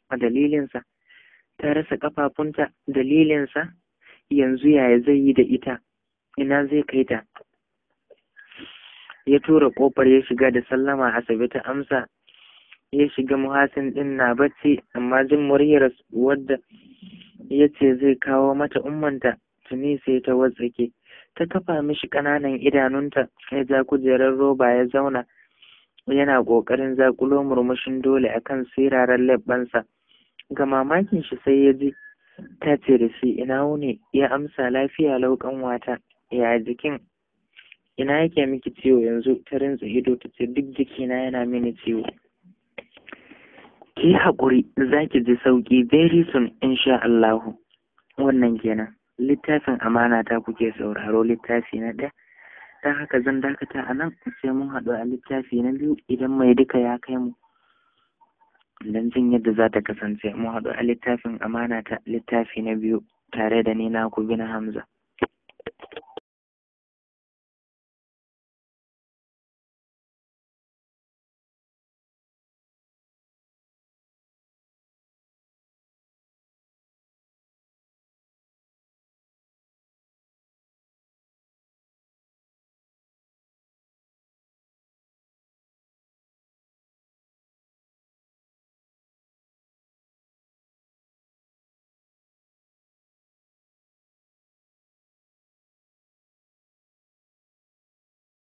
a dalilinsa ta rasa kafafunta dalilinsa yanzu yaya zai yi da ita ina zai kai ta ya tura kofar ya shiga da sallama asibiti amsa ya shiga muhasin ɗin na bacci amma jin muryar wadda ya ce zai kawo mata ummanta tuni sai ta watsake ta kafa mishi ƙananan idanunta ya ja kujerar roba ya zauna yana ƙoƙarin zaƙulo murmushin dole akan siraran leɓɓansa ga mamakin shi sai ya ji ta ce da shi ina wuni ya amsa lafiya laukan wata ya jikin ina yake miki ciwo yanzu ta rintsa ido ta ce duk jikina yana mini ciwo ki haƙuri za ki ji sauƙi very soon insha Allahu wannan kenan littafin amana ta kuke sauraro littafi na ɗaya Ta haka zan dakata a nan sai mun haɗu a littafi na biyu idan mai duka ya kai mu don jin yadda za ta kasance mun haɗu a littafin amana ta littafi na biyu tare da ni na ku na hamza